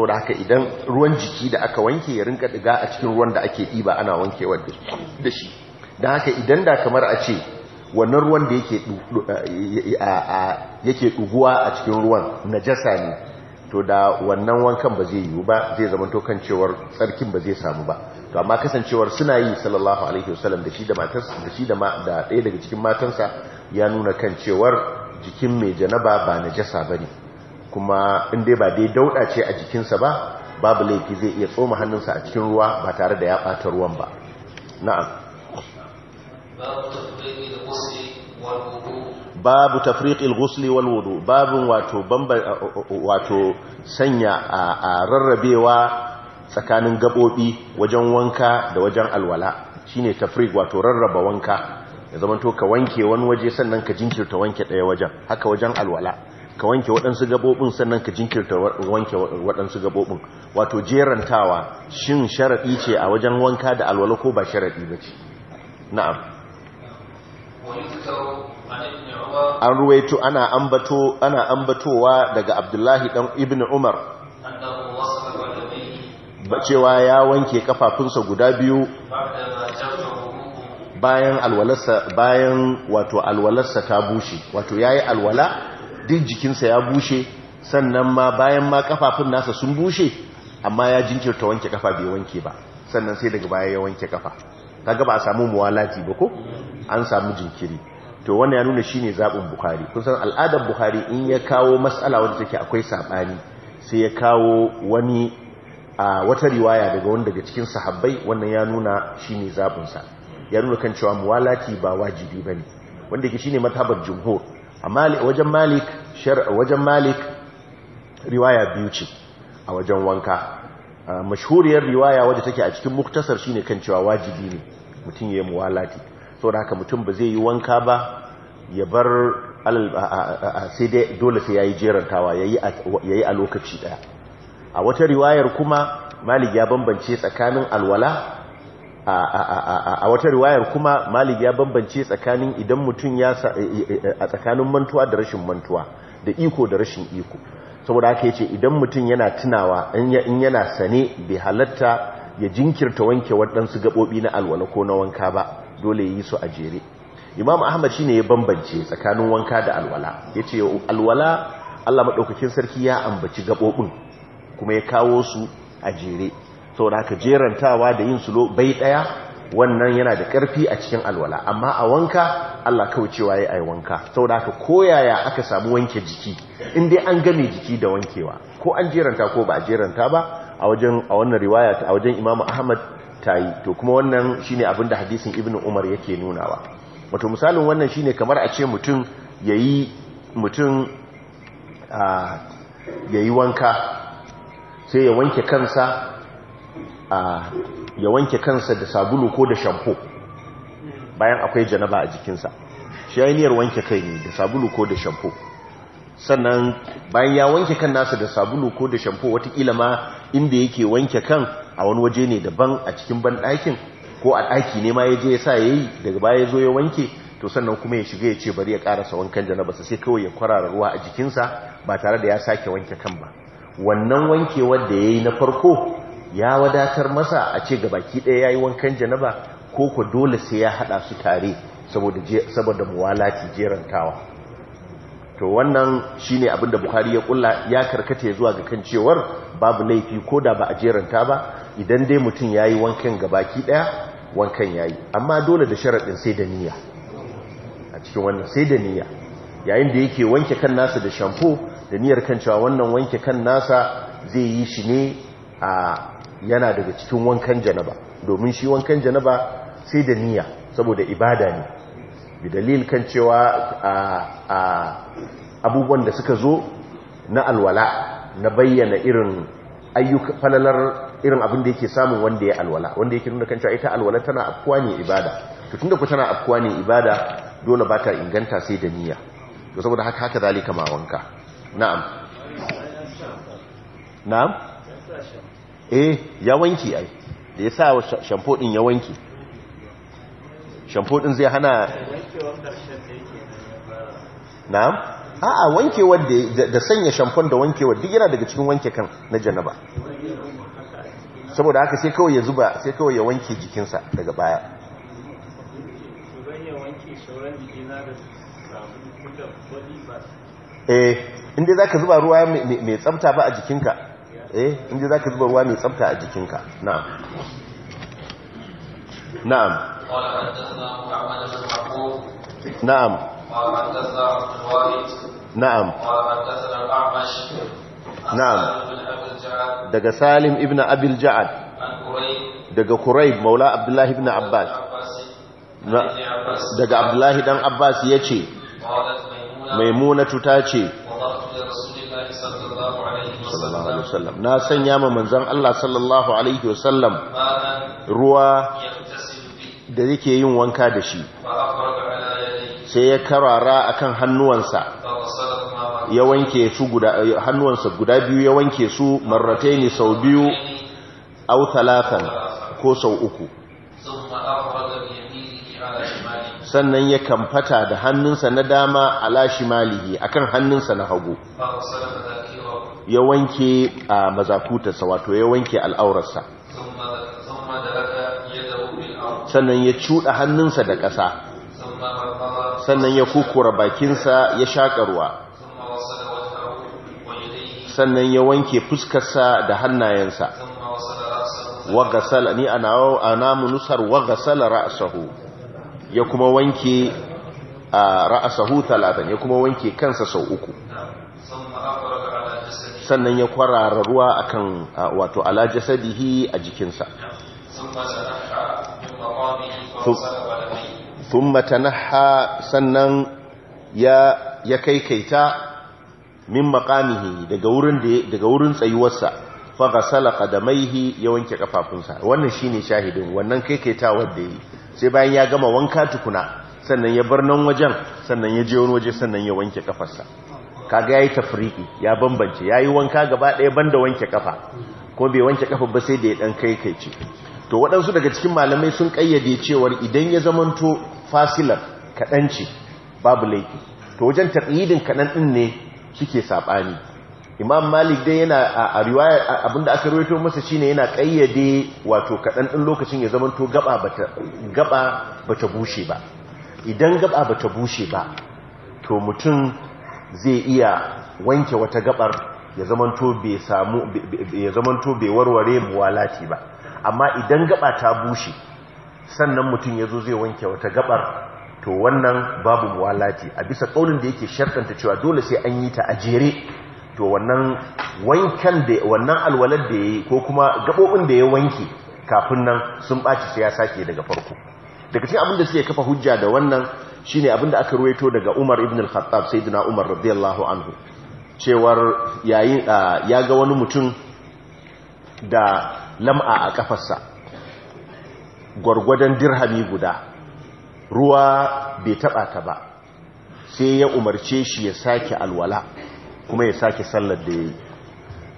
da haka idan ruwan jiki da aka wanke ya rinka diga a cikin ruwan da ake ɗiba ana wankewa da shi Da haka idan da kamar a ce wannan ruwan da yake ɗuguwa a cikin ruwan na jasa ne to da wannan wankan ba zai yiwu ba zai zama kan cewar tsarkin ba zai samu ba to amma kasancewar suna yi sallallahu alaihi wasallam da shi da matarsa da shi da ɗaya daga cikin matansa ya nuna kan cewar jikin mai janaba ba najasa bane kuma inda ba dai dauɗa ce a jikinsa ba babu laifi zai iya tsoma hannunsa a cikin ruwa ba tare da ya ɓata ruwan ba na'am babu tafriqil ghusli wal wudu babu wato bamba wato sanya a rarrabewa tsakanin gabobi wajen wanka da wajen alwala shine tafriq wato rarraba wanka ya zama to ka wanke wani waje sannan ka jinkirta wanke daya wajen haka wajen alwala ka wanke waɗansu gabobin sannan ka jinkirta wanke waɗansu gabobin wato jerantawa shin sharaɗi ce a wajen wanka da alwala ko ba sharaɗi ba ce na'am an ruwaito ana ambatowa daga abdullahi ɗan ibn umar cewa ya wanke kafafunsa guda biyu bayan alwalarsa ta bushe wato ya yi alwala duk jikinsa ya bushe sannan ma bayan ma kafafun nasa sun bushe amma ya jinkirta wanke kafa bai wanke ba sannan sai daga baya ya wanke kafa kaga ba a samu muwalati ba ko an samu jinkiri to wannan ya nuna shine zabin bukhari kun san al'adar bukhari in ya kawo mas'ala wanda take akwai saɓani sai ya kawo wani a wata riwaya daga wanda daga cikin sahabbai wannan ya nuna shine zabin sa ya nuna kan cewa muwalati ba wajibi bane wanda yake shine matabar jumhur wajen malik wajen malik riwaya biyu ce a wajen wanka mashhuriyar riwaya wajen take a cikin muktasar shine kan cewa wajibi ne mutum ya yi muwalati da haka mutum ba zai yi wanka ba ya bar sai dai dole sai ya yi jerantawa ya yi a lokaci daya a wata riwayar kuma malik ya bambance tsakanin alwala a wata riwayar kuma malik ya bambance tsakanin idan mutum ya e, e, e, a tsakanin mantuwa da rashin mantuwa da iko da rashin iko saboda haka yace idan mutum yana tunawa in yana sane bai halatta ya jinkirta wanke waɗansu gaɓoɓi na alwala ko na wanka ba dole yi su a jere imam ahmad shi ne ya bambance tsakanin wanka da alwala ya yace alwala Allah madaukakin sarki ya ambaci gaɓoɓin kuma ya kawo su a jere da haka jerantawa da yin sulo bai daya wannan yana da karfi a cikin alwala amma a wanka Allah kawai cewa ya ai wanka saboda haka koyaya aka samu wanke jiki in dai an game jiki da wankewa ko an jeranta ko ba a jeranta ba a wajen a wannan riwaya a wajen Imam Ahmad tayi to kuma wannan shine abinda hadisin Ibn Umar yake nunawa wato misalin wannan shine kamar a ce mutum yayi mutum ah, yayi wanka sai ya wanke kansa ya wanke kansa da sabulu ko da shampo bayan akwai janaba a jikinsa shi ya yi niyyar wanke kai ne da sabulu ko da shampo sannan bayan ya wanke kan nasa da sabulu ko da shampo watakila ma inda yake wanke kan a wani waje ne daban a cikin banɗakin ko a ɗaki ne ma ya je ya sa ya yi daga baya zo ya wanke to sannan kuma ya shiga ya ce bari ya karasa wankan janaba sai kawai ya kwarara ruwa a jikinsa ba tare da ya sake wanke kan ba wannan wanke da ya yi na farko ya wadatar masa a ce gabaki ɗaya ya yi wankan janaba ko ku dole sai ya haɗa su tare saboda muwalati jerantawa to wannan shi ne abinda buhari ya kulla ya karkata zuwa ga kan cewar babu laifi ko da ba a jeranta ba idan dai mutum ya yi wankan gabaki ɗaya wankan ya yi amma dole da sharaɗin sai da niyya a cikin wannan sai da niyya yayin da yake wanke kan nasa da shampo da niyyar kan cewa wannan wanke kan nasa zai yi shi ne a yana daga cikin wankan janaba domin shi wankan janaba sai da niyya saboda ibada ne bi dalil kan cewa a abubuwan da suka zo na alwala na bayyana irin ayyuka falalar irin abin da yake samun wanda ya alwala wanda yake nuna kan cewa ita alwala tana afkuwa ne ibada to tunda ku tana afkuwa ne ibada dole ba ta inganta sai da niyya to saboda haka haka zalika ma wanka na'am na'am eh ya wanki ai da ya sa shampo din ya wanki shampo din zai hana na'am a'a wankewar da sanya shampo da wankewar duk yana daga cikin wanke kan na janaba saboda haka sai kawai ya zuba sai kawai ya wanke jikinsa daga baya eh inda za ka zuba ruwa mai tsabta ba a jikinka eh inda zaka zuba ruwa mai tsafta a jikinka na'am na'am na'am na'am na'am daga salim ibn abil ja'ad daga kurayb maula abdullah ibn abbas daga abdullah dan abbas yace Maimuna tuta ce wasallam na sanya ma manzon Allah sallallahu alaihi wasallam ruwa da yake yin wanka da shi sai ya karara akan hannuwansa ya wanke su guda hannuwansa guda biyu ya wanke su marrataini sau biyu au talatan ko sau uku sannan ya kamfata da hannunsa na dama ala shimalihi akan hannunsa na hagu ya wanke a mazakutarsa wato ya wanke al'aurarsa sannan ya cuɗa hannunsa da ƙasa sannan ya kukura bakinsa ya shaƙarwa sannan ya wanke fuskarsa da hannayensa ni a namu nusar wa ra'asahu ya kuma wanke ra'asahu talatan ya kuma wanke kansa sau uku sannan ya kwarara ruwa akan wato ala jasadihi a jikinsa thumma matanaha sannan ya kai kaikaita min makamihi daga wurin tsayuwarsa faga salaka da maihi ya wanke kafafunsa wannan shi ne shahidin wannan kaikaita wadda yi sai bayan ya gama wanka tukuna sannan ya bar nan wajen sannan ya je wani waje sannan ya wanke kafarsa kaga yayi tafriki ya bambance yayi wanka gaba ɗaya banda wanke kafa ko bai wanke kafa ba sai da ya dan kai kai ce to waɗansu daga cikin malamai sun kayyade cewar idan ya zamanto fasilar kaɗan ce babu laifi to wajen taqyidin kaɗan din ne suke sabani imam malik dai yana a riwaya abinda aka rawaito masa shine yana kayyade wato kaɗan din lokacin ya zamanto gaba bata gaba bata bushe ba idan gaba bata bushe ba to mutum zai iya wanke wata gabar ya zamanto bai samu ya bai warware muwalati ba amma idan gaba ta bushe sannan mutum ya zo zai wanke wata gabar to wannan babu muwalati a bisa ƙaunin da yake shartanta cewa dole sai an yi ta a jere to wannan wankan da wannan alwalar da yayi ko kuma gabobin da ya wanke kafin nan sun baci sai ya sake daga farko daga cikin abin da suke kafa hujja da wannan Shi shine abinda aka ruwaito daga Umar ibn al-Khattab dina Umar radiyallahu anhu cewar yayin ya ga wani mutum da lam'a a kafarsa gwargwadon dirhami guda ruwa bai taba ta ba sai ya umarce shi ya sake alwala kuma ya sake sallar da yayi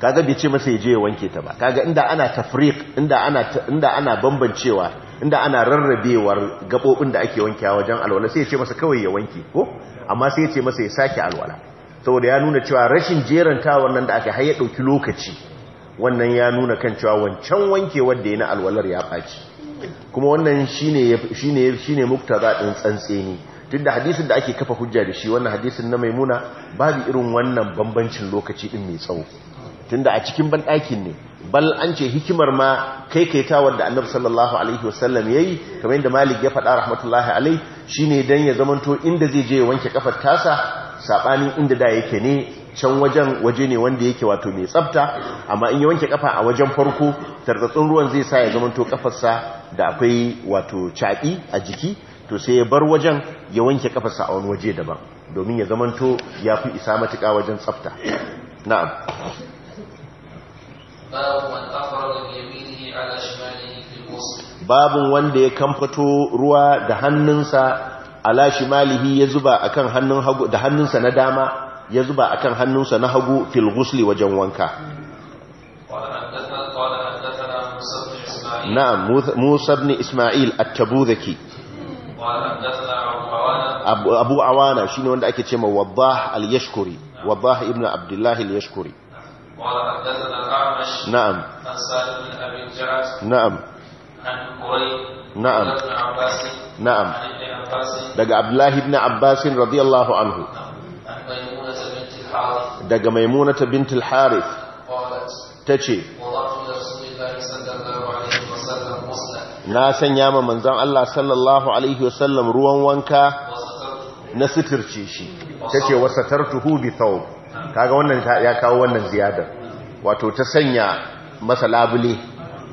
kaga bai ce masa ya je ya wanke ta ba kaga inda ana tafriq inda ana bambancewa inda ana rarrabewar gabobin da ake wankewa wajen alwala sai ya ce masa kawai ya wanke ko amma sai ya ce masa ya sake alwala saboda ya nuna cewa rashin jerantawar wannan da aka haye dauki lokaci wannan ya nuna kan cewa wancan wanke wanda yana alwalar ya baci kuma wannan shine shine shine muktaza din tsantseni tunda hadisin da ake kafa hujja da shi wannan hadisin na maimuna babu irin wannan bambancin lokaci din mai tsawo tunda a cikin bandakin ne bal an ce hikimar ma kai kai ta wanda annabi sallallahu alaihi wasallam yayi kamar yadda malik ya faɗa rahmatullahi alaihi shine dan ya zamanto inda zai je wanke kafar tasa sabanin inda da yake ne can wajen waje ne wanda yake wato mai tsafta amma in ya wanke kafa a wajen farko tarzatsun ruwan zai sa ya zamanto kafarsa da akwai wato caƙi a jiki to sai ya bar wajen ya wanke kafarsa a wani waje daban domin ya zamanto ya fi isa matuƙa wajen tsafta na'am babun wanda ya kamfato ruwa da hannunsa ala shimalihi ya zuba akan hannun hagu da hannunsa na dama ya zuba akan hannunsa na hagu fil ghusli wajen wanka na'am Musa ibn Isma'il at-Tabuzaki Abu Awana shine wanda ake cewa ma al-Yashkuri Waddah ibn Abdullah al-Yashkuri قال حدثنا الأعمش نعم عن سالم بن أبي الجعد نعم عن قريب نعم ابن عباس نعم عن ابن عباس دق عبد الله بن عباس رضي الله عنه عن ميمونة بنت الحارث دق ميمونة بنت الحارث قالت تشي وضعت لرسول الله صلى الله عليه وسلم غسلا na sanya ma manzon Allah sallallahu alaihi wasallam ruwan wanka na suturce shi tace wasatartuhu bi thawb kaga wannan ya kawo wannan ziyadar wato ta sanya masa labule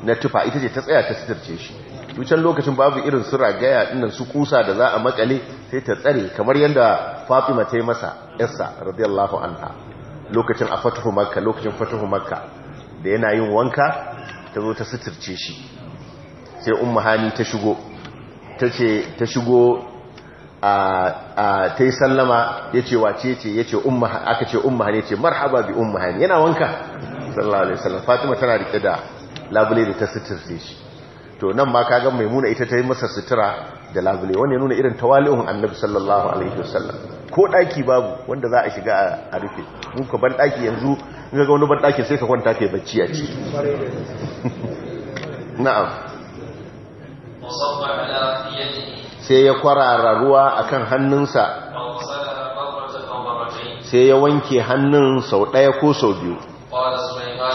na tufa ita ce ta tsaya ta sitarce shi tucan lokacin babu irin su ragaya dinnan su kusa da za a makale sai ta tsare kamar yadda Fatima ta yi masa yarsa radiyallahu anha lokacin a fatuhu makka lokacin fatuhu makka da yana yin wanka ta zo ta sitirce shi sai umma hani ta shigo ta ce ta shigo ta yi sallama ya ce wace ce ya ce aka ce umma ne ce marhaba bi umma yana wanka sallallahu alaihi fatima tana rike da labule da ta sitirce shi to nan ma ka kaga maimuna ita ta yi masa sutura da labule wani ya nuna irin tawali'un annabi sallallahu alaihi ko daki babu wanda za a shiga a rufe mun ka ban daki yanzu in ga wani ban daki sai ka kwanta kai bacci a ciki na'am sai ya kwarara ruwa a kan hannunsa sai ya wanke hannun sau ɗaya ko sau biyu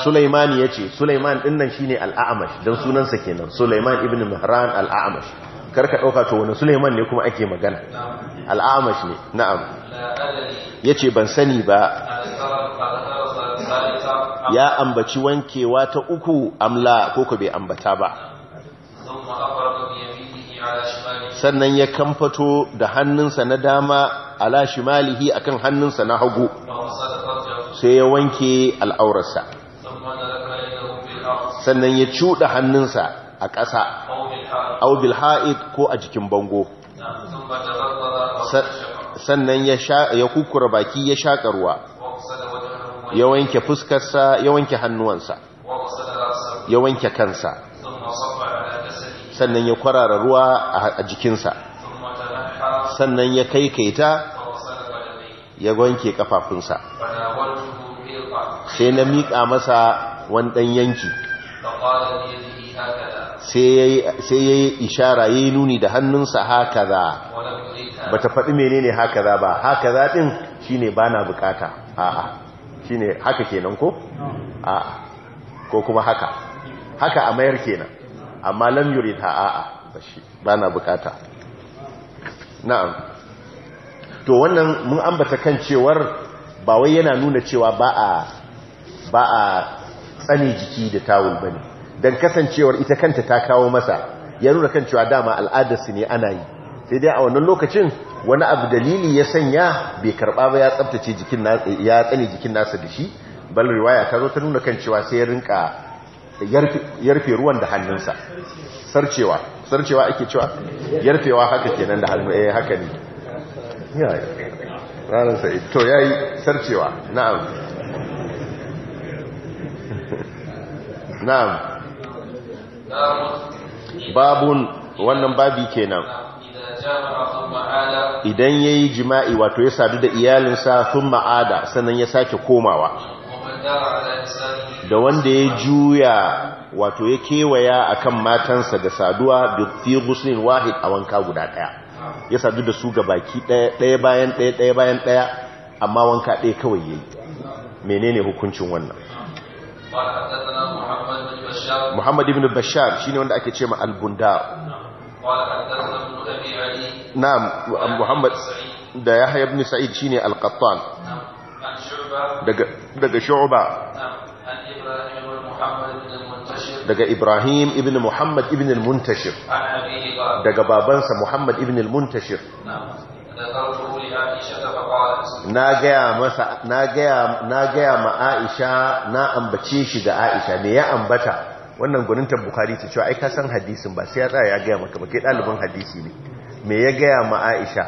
suleiman ya ce Suleiman ɗin nan shine al'amash don sunansa kenan Suleiman ibn mahran al'amash karka ɗauka to wani Suleiman ne kuma ake magana al'amash ne na'am ya ce ban sani ba ya ambaci wankewa ta uku amla ko ku bai ambata ba sannan ya kamfato da hannunsa na dama ala shimalihi akan hannunsa na hagu sai ya wanke al'aurarsa sannan ya cuɗa hannunsa a ƙasa aubil ha'id ko a jikin bango sannan ya kukura baki ya shaƙa ruwa ya wanke fuskarsa ya wanke hannuwansa ya wanke kansa sannan ya kwarara ruwa a jikinsa sannan ya kai-kaita ya gwanke kafafunsa sai na miƙa masa wani ɗan yanki sai ya yi ishara ya yi nuni da hannunsa haka za ba ta faɗi menene haka za ba haka za ɗin shi ne ba na bukata a'a shi ne haka kenan ko? a'a ko kuma haka haka a mayar kenan amma lam yurid a'a bashi bana bukata na'am to wannan mun ambata kan cewar ba wai yana nuna cewa ba a ba a tsani jiki da tawul bane dan kasancewar ita kanta ta kawo masa ya nuna kan cewa dama al'adarsu ne ana yi sai dai a wannan lokacin wani abu dalili ya sanya bai karba ba ya tsaftace jikin ya tsane jikin nasa da shi bal riwaya ta zo ta nuna kan cewa sai ya rinka yarfe ruwan da hannunsa sarcewa sarcewa ake cewa yarfewa haka kenan da hannu eh haka ne ranar sai to yayi sarcewa na'am na'am babun wannan babi kenan idan yayi jima'i wato ya sadu da iyalinsa sun ma'ada sannan ya sake komawa da wanda ya juya wato ya kewaya akan matansa da saduwa da fi guslin wahid a wanka guda daya ya sadu da su ga baki daya bayan daya daya bayan daya amma wanka daya kawai yi menene hukuncin wannan Muhammad ibn Bashar shi ne wanda ake ce al-Bunda Na Muhammad da ya ibn Sa'id shi al alkattan daga shu'ba daga ibrahim ibn muhammad ibn al-muntashir daga babansa muhammad ibn al-muntashir na gaya masa na gaya na gaya ma Aisha na ambace shi ga Aisha me ya ambata wannan gunintar Bukhari ta cewa ai ka san hadisin ba sai ya tsaya ya gaya maka ba kai dalibin hadisi ne me ya gaya ma Aisha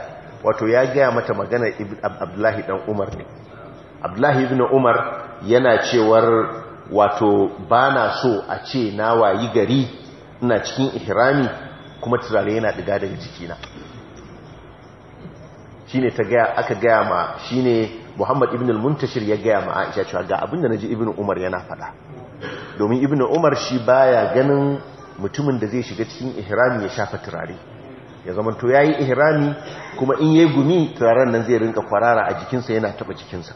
wato ya gaya mata magana Abdullahi dan Umar ne abdullahi ibn umar yana cewar wato ba na so a ce na wayi gari ina cikin ihrami kuma turare yana diga daga jikina Shi ta aka gaya ma shi ne Muhammad ibn al-Muntashir ya gaya ma Aisha cewa ga abinda na ji Ibn Umar yana faɗa domin Ibn Umar shi baya ganin mutumin da zai shiga cikin ihrami ya shafa turare ya zama to yi ihrami kuma in ya yi gumi turaren nan zai rinka kwarara a jikinsa yana taba jikinsa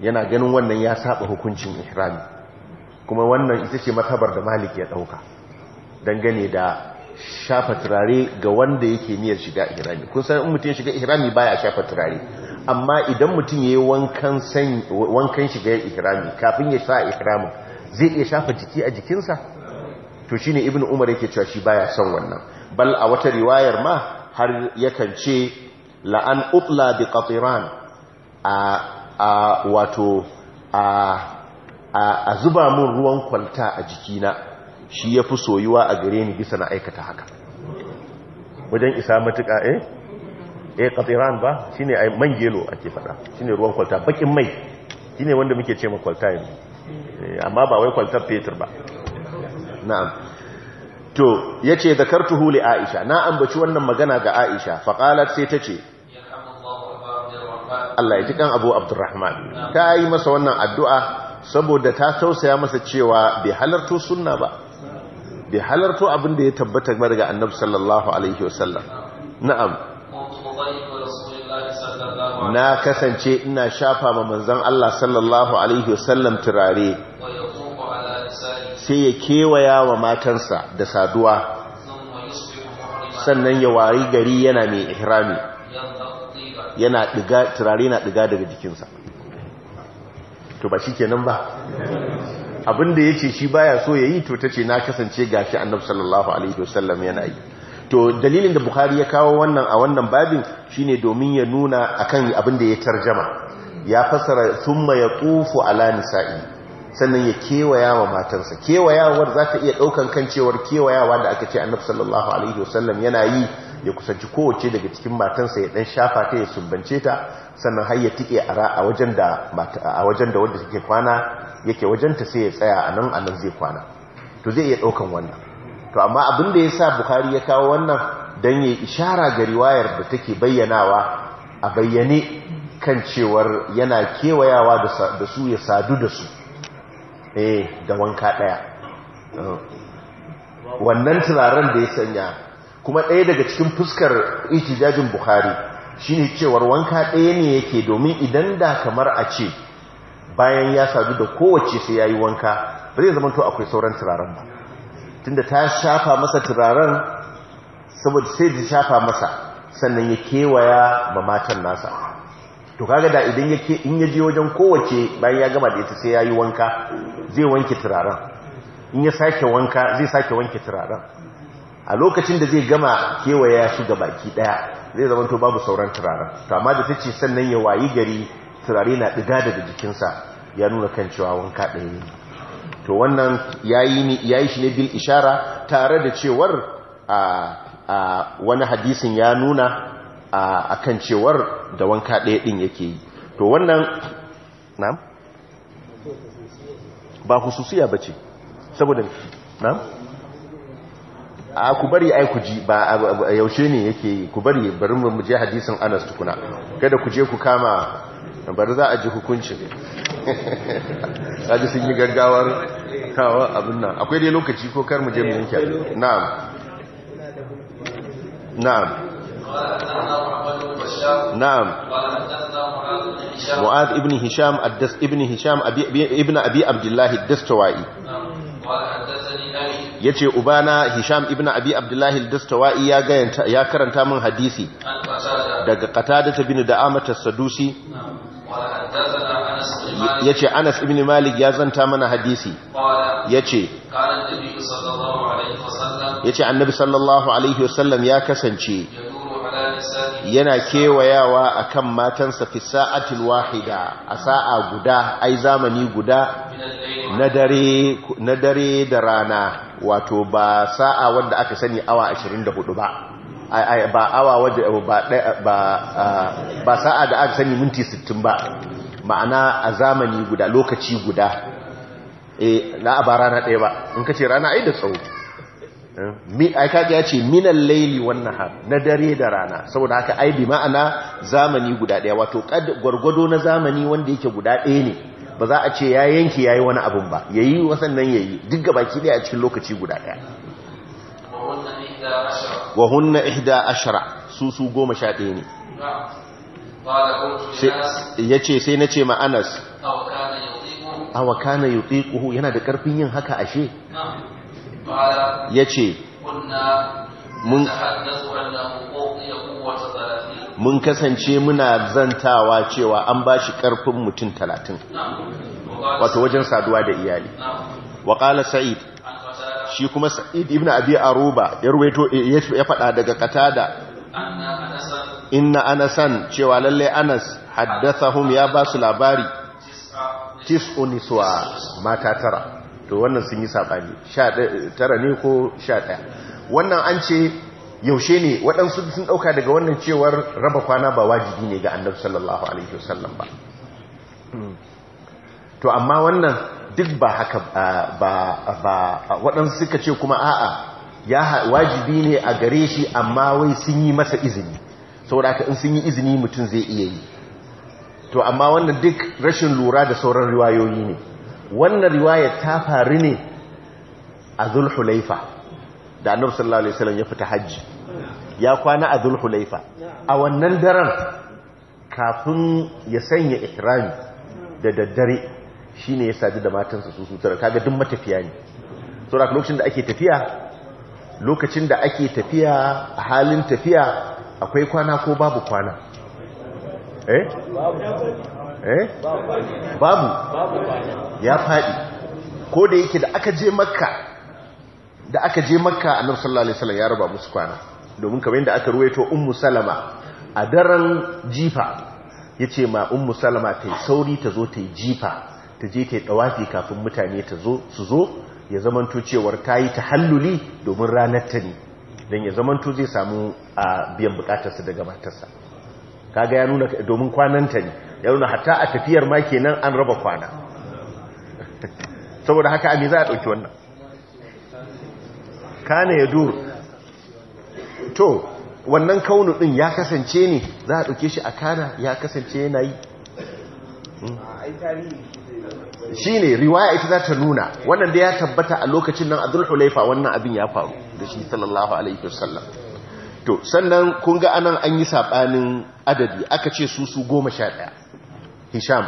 yana ganin wannan ya saba hukuncin ihrami kuma wannan ita ce matabar da malik ya dauka dangane da shafa turare ga wanda yake niyyar shiga ihrami kun san in mutum ya shiga ihrami baya shafa turare amma idan mutum yayi wankan wankan shiga ihrami kafin ya sa ihramin zai iya shafa jiki a jikinsa to shine ibnu umar yake cewa shi baya son wannan bal a wata riwayar ma har yakan ce la'an utla bi qatiran a a wato a zuba mun ruwan kwalta a jikina shi ya fi soyuwa a gare ni bisa na aikata haka wajen isa matuka eh eh katiran ba shine ai man gelo ake fada shine ruwan kwalta bakin mai shine wanda muke ce kwalta yanzu eh, amma ba wai kwaltar fetur ba na'am to yace zakartuhu li aisha na ambaci wannan magana ga aisha faqalat sai ta ce. Allah ya ji kan Abu Abdurrahman ta yi masa wannan addu'a saboda ta tausaya masa cewa bai halarto sunna ba bai halarto abin da ya tabbata daga Annabi sallallahu alaihi wasallam na'am na kasance ina shafa ma manzon Allah sallallahu alaihi wasallam turare sai ya kewaya wa matansa da saduwa sannan ya wari gari yana mai ihrami yana diga turare na diga daga jikinsa to ba shikenan ba abinda yace shi baya so yayi to tace na kasance gashi annabi sallallahu alaihi wasallam yana yi to dalilin da bukhari ya kawo wannan a wannan babin shine domin ya nuna akan abin da ya tarjama ya fasara thumma yatufu ala nisa'i sannan ya kewaya wa matansa. kewayawar za iya ɗaukan kan cewar kewayawa da aka ce annabi sallallahu alaihi wasallam yana yi ya kusanci kowace daga cikin matansa ya dan shafa ta ya sumbance ta sannan har ya tike a wajen da a wajen da wanda take kwana yake wajen ta sai ya tsaya a nan anan zai kwana to zai iya daukan wannan to amma abin da yasa bukhari ya kawo wannan dan yayi ishara ga riwayar da take bayyanawa a bayyane kan cewar yana kewayawa da su ya sadu da su eh da wanka daya eh. wannan turaren da ya sanya kuma ɗaya daga cikin fuskar ihtijajin bukhari ne cewar wanka ɗaya ne yake domin idan da kamar a ce bayan ya sadu da kowace sai ya yi wanka ba zai zama to akwai sauran turaren ba tunda ta shafa masa turaren saboda sai da shafa masa sannan ya kewaya ma matan nasa to kaga da idan yake in yaje wajen kowace bayan ya gama da ita sai ya yi wanka zai wanke turaren in ya sake wanka zai sake wanke turaren a lokacin da zai gama kewaya su ga baki daya zai zama to babu sauran turaren to amma da tace sannan ya wayi gari turare na diga daga jikinsa ya nuna kan cewa wanka ɗaya ne to wannan yayi shi ne bil ishara tare da cewar a wani hadisin ya nuna a kan cewar da wanka ɗaya ɗin yake yi to wannan na'am ba hususiya bace saboda na'am a ku bari ai ku ji ba yaushe ne yake ku bari bari mu je hadisin Anas tukuna kada ku je ku kama bari za a ji hukuncin kaji sun yi gaggawar kawo abin nan akwai dai lokaci ko kar mu je mu yanke na'am na'am na'am mu'ad ibn hisham addas ibn hisham ibn abi abdullah ad-dastawai ya ce ubana hisham ibn abi abdullahi dastawa'i ya karanta min hadisi daga katadata da da'amata sadusi ya ce anas ibn malik ya zanta mana hadisi ya ce ya ce annabi sallallahu alaihi wasallam ya kasance yana kewayawa a kan matansa fi sa'atil wahida a sa'a guda ai zamani guda na dare da rana wato ba sa'a wanda aka sani awa 24 ba ba awa wadda ba sa'a da aka sani minti 60 ba ma'ana a zamani guda lokaci guda eh na ba rana ɗaya ba in ka ce rana ai da tsawo ai kaga ya ce minan laili wannan har na dare da rana saboda haka ai bi ma'ana zamani guda ɗaya wato gwargwado na zamani wanda yake guda ɗaya ne ba za a ce ya yanki ya yi wani abin ba ya yi wasannan ya yi duk gabaki ɗaya a cikin lokaci guda ɗaya wa hunna ihda ashara su su goma sha ɗaya ne ya ce sai na ce ma anas awa kana yana da karfin yin haka ashe ya ce mun kasance muna zantawa cewa an ba shi ƙarfin mutum talatin wato wajen saduwa da iyali waƙala sa'id shi kuma sa'id ibn abi aruba ya faɗa daga katada inna anasan cewa lallai anas haddasa hum ya ba su labari niswa mata tara to wannan sun yi saɓani tara ne ko sha ɗaya wannan an ce yaushe ne waɗansu sun ɗauka daga wannan cewar raba kwana ba wajibi ne ga annabi sallallahu alaihi wasallam ba to amma wannan duk ba haka ba waɗansu suka ce kuma a'a ya wajibi ne a gare shi amma wai sun yi masa izini saboda haka in sun yi izini mutum zai iya yi to amma wannan duk rashin lura da sauran riwayoyi ne wannan riwaya ta faru ne a zulhulaifa da annabi sallallahu alaihi wasallam ya fita hajji ya kwana a zulhulaifa a wannan daren kafin ya sanya ikirami da daddare shine ya sadu da matansa su su tara kaga duk matafiya ne saboda lokacin da ake tafiya lokacin da ake tafiya a halin tafiya akwai kwana ko babu kwana eh? Eh? babu ya faɗi ko da yake da aka je makka da aka je makka annabi sallallahu alaihi wasallam ya raba musu kwana domin kamar yadda aka ruwaito ummu salama a daren jifa yace ma ummu salama ta sauri ta zo ta jifa ta je tai yi dawafi kafin mutane ta zo su zo ya zamanto cewar ta yi tahalluli domin ranar ta ne don ya zamanto zai samu a biyan bukatarsa daga matarsa kaga ya nuna domin kwanan ta ne ya nuna hatta a tafiyar ma nan an raba kwana saboda haka a za a ɗauki wannan Kane ya dur to wannan kaunu ɗin ya kasance ne za a ɗauke shi a kana ya kasance yana yi hmm? shi ne riwaya ita za ta nuna wannan da ya tabbata a lokacin nan a laifa wannan abin ya faru da shi sallallahu alaihi wasallam to sannan kun ga anan an yi saɓanin adadi aka ce su su goma sha ɗaya hisham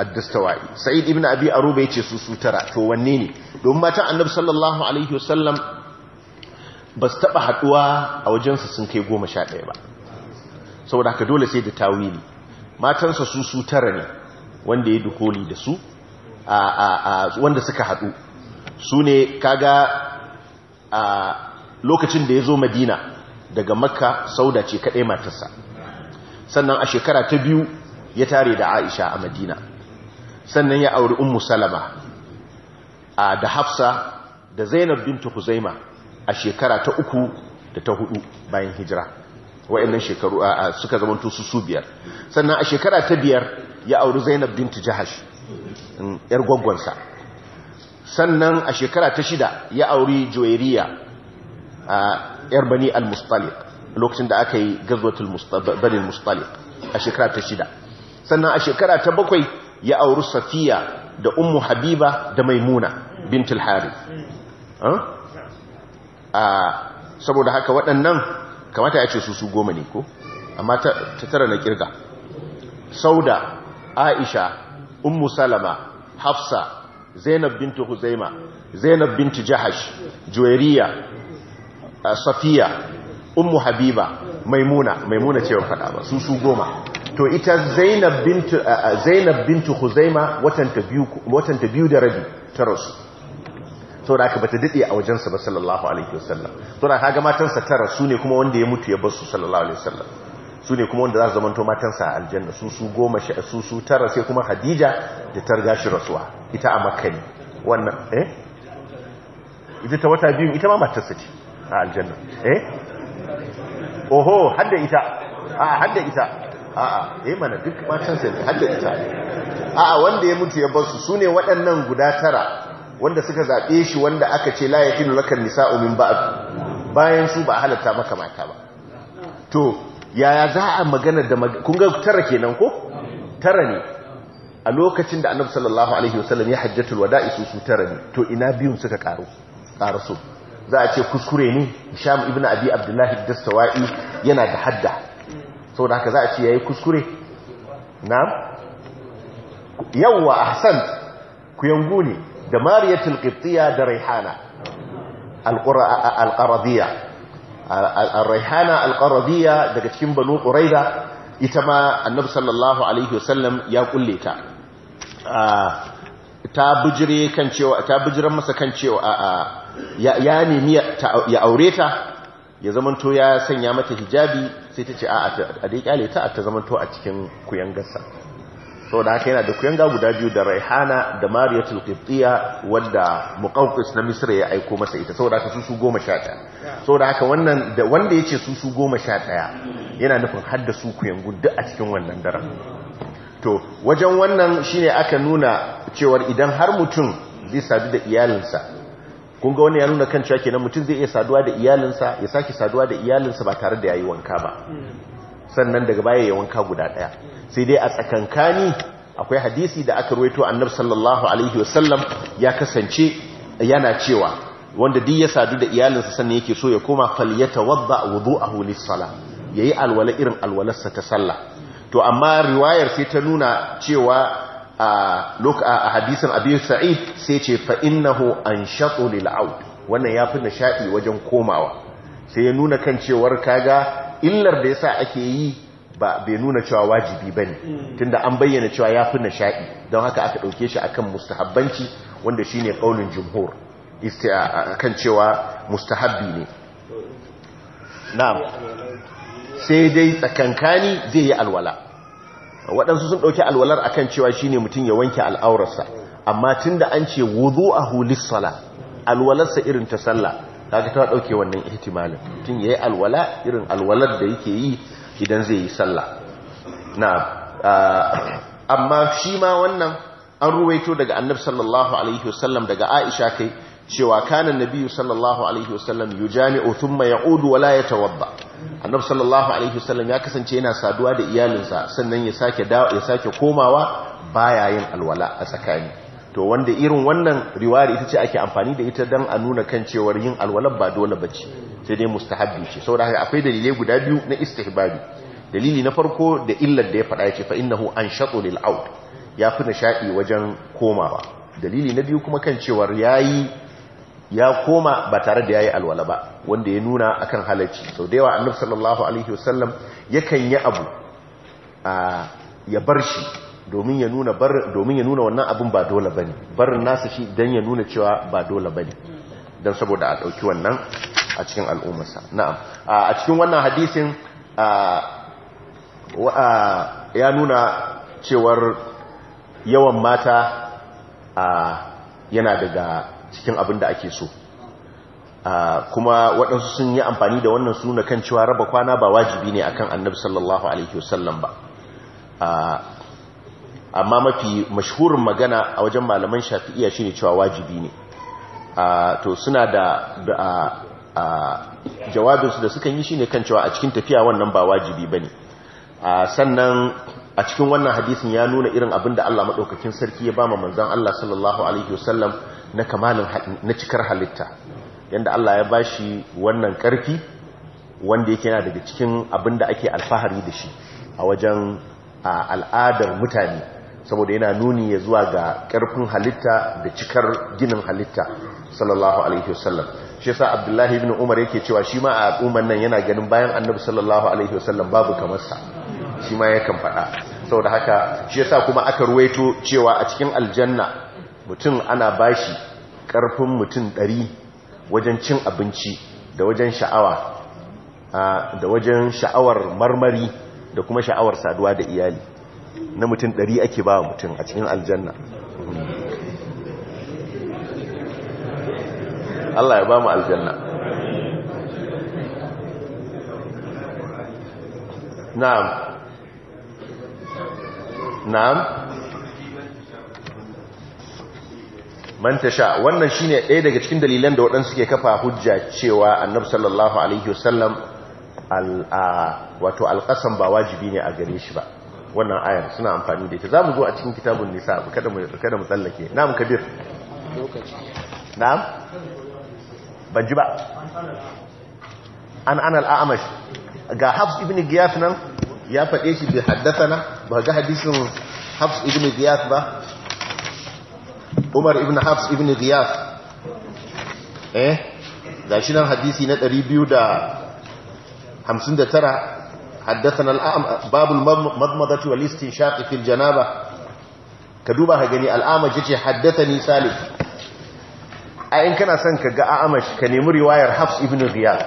ad-dastawai sa'id ibn abi aruba yace su su tara to wanne ne domin matan annabi sallallahu alaihi wasallam ba taba haduwa a wajensa sun kai 11 ba saboda haka dole sai da tawili matansa su su tara ne wanda ya dukoli da su a a a wanda suka hadu su ne kaga a lokacin da ya zo madina daga makka sauda ce kaɗai matarsa sannan a shekara ta biyu ya tare da aisha a madina sannan ya auri ummu salama a da hafsa da zainab bintu huzaima a shekara ta uku da ta hudu bayan hijira wayannan shekaru suka zamanto su su biyar sannan a shekara ta biyar ya auri zainab bintu jahash mm, yar gwaggwansa sannan a shekara ta shida ya auri juwairiya a yar bani al mustaliq lokacin da aka yi gazwatul Mustaliq a shekara ta shida sannan a shekara ta bakwai ya auri safiya da ummu habiba da maimuna bintul harith saboda haka waɗannan kamata ya ce su su goma ne ko amma ta tara na kirga sauda aisha ummu salama hafsa zainab bintu huzaima zainab bintu jahash juwariya safiya ummu habiba maimuna maimuna ce faɗa ba su su goma to ita zainab bintu zainab bintu khuzaima watan ta biyu watan ta biyu da rabi ta rasu to da aka bata dade a wajen sa ba sallallahu alaihi wasallam to da kaga matan sa tara su ne kuma wanda ya mutu ya bar su sallallahu alaihi wasallam su ne kuma wanda za su zamanto matan sa aljanna su su goma shi su su tara sai kuma khadija da targashi rasuwa ita a makka ne wannan eh ita ta wata biyu ita ma matar sa ce a aljanna eh oho hadda ita a hadda ita a a eh mana duk matansa ne hadda ita a a wanda ya mutu ya basu su ne waɗannan guda tara wanda suka zaɓe shi wanda aka ce la yakilu lakan nisa'u min ba'd bayan su ba halatta maka mata ba to yaya za a magana da kun ga tara kenan ko tara ne a lokacin da annabi sallallahu alaihi wasallam ya hajjatul wada'i su su tara ne to ina biyun suka karu su? za a ce kuskure ne Shamu ibn Abi Abdullahi dastawai yana da hadda saboda haka za a ce yayi kuskure na'am yawa ahsant ku yangu ne da Mariyatul Qibtiyya da Raihana al-Qaradiyya raihana al daga cikin Banu da ita ma Annabi sallallahu alaihi wasallam ya kulle ta ah, ta bijire kan cewa ta bijiran masa kan cewa a ah, ah, ya nemi ya aure ta ya zamanto ya sanya mata hijabi sai ta ce a dai kyale ta ta zamanto a cikin gasa sau da haka yana da kuyanga guda biyu da raihana da mariya qibtiyya wadda mukaukus na Misira ya aiko masa ita sau da haka susu goma sha ɗaya sau da haka wanda ya ce su goma sha ɗaya yana nufin hada su kuyan duk a cikin wannan daren to wajen wannan shine aka nuna cewar idan har mutum zai sadu da iyalinsa kun ga wannan ya nuna kan cewa kenan mutum zai iya saduwa da iyalinsa ya sake saduwa da iyalinsa ba tare da yayi wanka ba sannan daga baya ya wanka guda daya sai dai a tsakankani akwai hadisi da aka ruwaito annabi sallallahu alaihi wasallam ya kasance yana cewa wanda duk ya sadu da iyalinsa sannan yake so ya koma falyatawadda wudu'ahu lis sala yayi alwala irin alwalarsa ta sallah to amma riwayar sai ta nuna cewa a hadisin abin sa'id sai ce fa innahu anshatu lil wannan wannan yafi nishaɗi wajen komawa sai ya nuna kan cewar kaga illar da ya sa ake yi ba bai nuna cewa wajibi ba tun mm. tunda an bayyana cewa ya yafi nishaɗi don haka aka ɗauke shi akan mustahabbanci wanda shi shine ƙaunin jumhur kan cewa mustahabbi ne na'am sai dai tsakankani zai yi alwala waɗansu sun ɗauki alwalar akan cewa shi ne mutum ya wanke al'aurarsa amma tunda an ce a hulis sala alwalarsa irin ta sallah ga ta ɗauke wannan ihtimalin mutum yi alwala irin alwalar da yake yi idan zai yi sallah na ah, amma shi ma wannan an ruwaito daga annabi sallallahu alaihi wasallam daga Aisha kai cewa kana nabiyyu sallallahu alaihi wasallam yujami'u thumma ya'udu wa la yatawadda annabi sallallahu alaihi wasallam ya kasance yana saduwa da iyalinsa sannan ya sake ya sake komawa baya yin alwala a tsakani to wanda irin wannan riwayar ita ce ake amfani da ita dan a nuna kan cewar yin alwala ba dole bace sai dai mustahabbi ce saboda haka akwai dalilai guda biyu na istihbabi dalili na farko da illar da ya faɗa ce fa innahu anshatu lil aut ya fi nishaɗi wajen komawa dalili na biyu kuma kan cewar yayi ya koma ba tare da yayi alwala ba wanda ya nuna a kan halacci sau da yawa annabi sallallahu alaihi wasallam yakan yi abu ya bar shi domin ya nuna domin wannan abin ba dole ne barin nasa shi dan ya nuna cewa ba dole ne. Don saboda a ɗauki wannan a cikin al'ummarsa na'am a cikin wannan hadisin ya nuna cewar yawan mata yana daga cikin abin da ake so Ah, kuma waɗansu sun yi amfani da wannan suna kan cewa raba kwana ba wajibi ne akan annabi sallallahu alaihi wasallam ba ah, amma mafi mashhurin magana a wajen malaman shafi'iyya shine cewa wajibi ne ah, to suna da jawabinsu da suka yi shine kan cewa a cikin tafiya wannan ba wajibi bane sannan a cikin wannan hadisin ya nuna irin abin da Allah madaukakin sarki ya bama manzon Allah sallallahu alaihi wasallam na kamalin na cikar halitta Yadda Allah ya ba shi wannan karfi wanda yake yana daga cikin abin da ake alfahari da shi a wajen al'adar mutane saboda yana nuni ya zuwa ga karfin halitta da cikar ginin halitta sallallahu alaihi wasallam shi yasa abdullahi ibn umar yake cewa shi ma a al'ummar nan yana ganin bayan annabi sallallahu alaihi wasallam babu kamar sa shi ma yakan faɗa saboda haka shi yasa kuma aka ruwaito cewa a cikin aljanna mutum ana bashi karfin mutum ɗari wajen cin abinci da wajen sha'awa da wajen sha'awar marmari da kuma sha'awar saduwa da iyali na mutum ɗari ake ba mutum a cikin aljanna Allah ya ba mu aljanna na'am na'am Manta sha wannan shine ɗaya daga cikin dalilan da waɗansu ke kafa hujja cewa annab sallallahu alaihi wasallam wato alƙasan ba wajibi ne a gare shi ba wannan ayar suna amfani da ita za mu zo a cikin kitabun nisa kada mu kada mu tsallake na'am kabir na'am ban ji ba an anal a'amash ga hafs ibn giyaf nan ya faɗe shi bi haddathana ba ga hadisin hafs ibn giyaf ba umar ibn hafs ibn ghiyaf eh gashi nan hadisi na 259 حدثنا الأعمى باب المضمضة والاستنشاق في الجنابة كدوبها جني الأعمى جيتي حدثني سالف أين كان سنك جاء أعمش كان يمر رواية حفص ابن غياث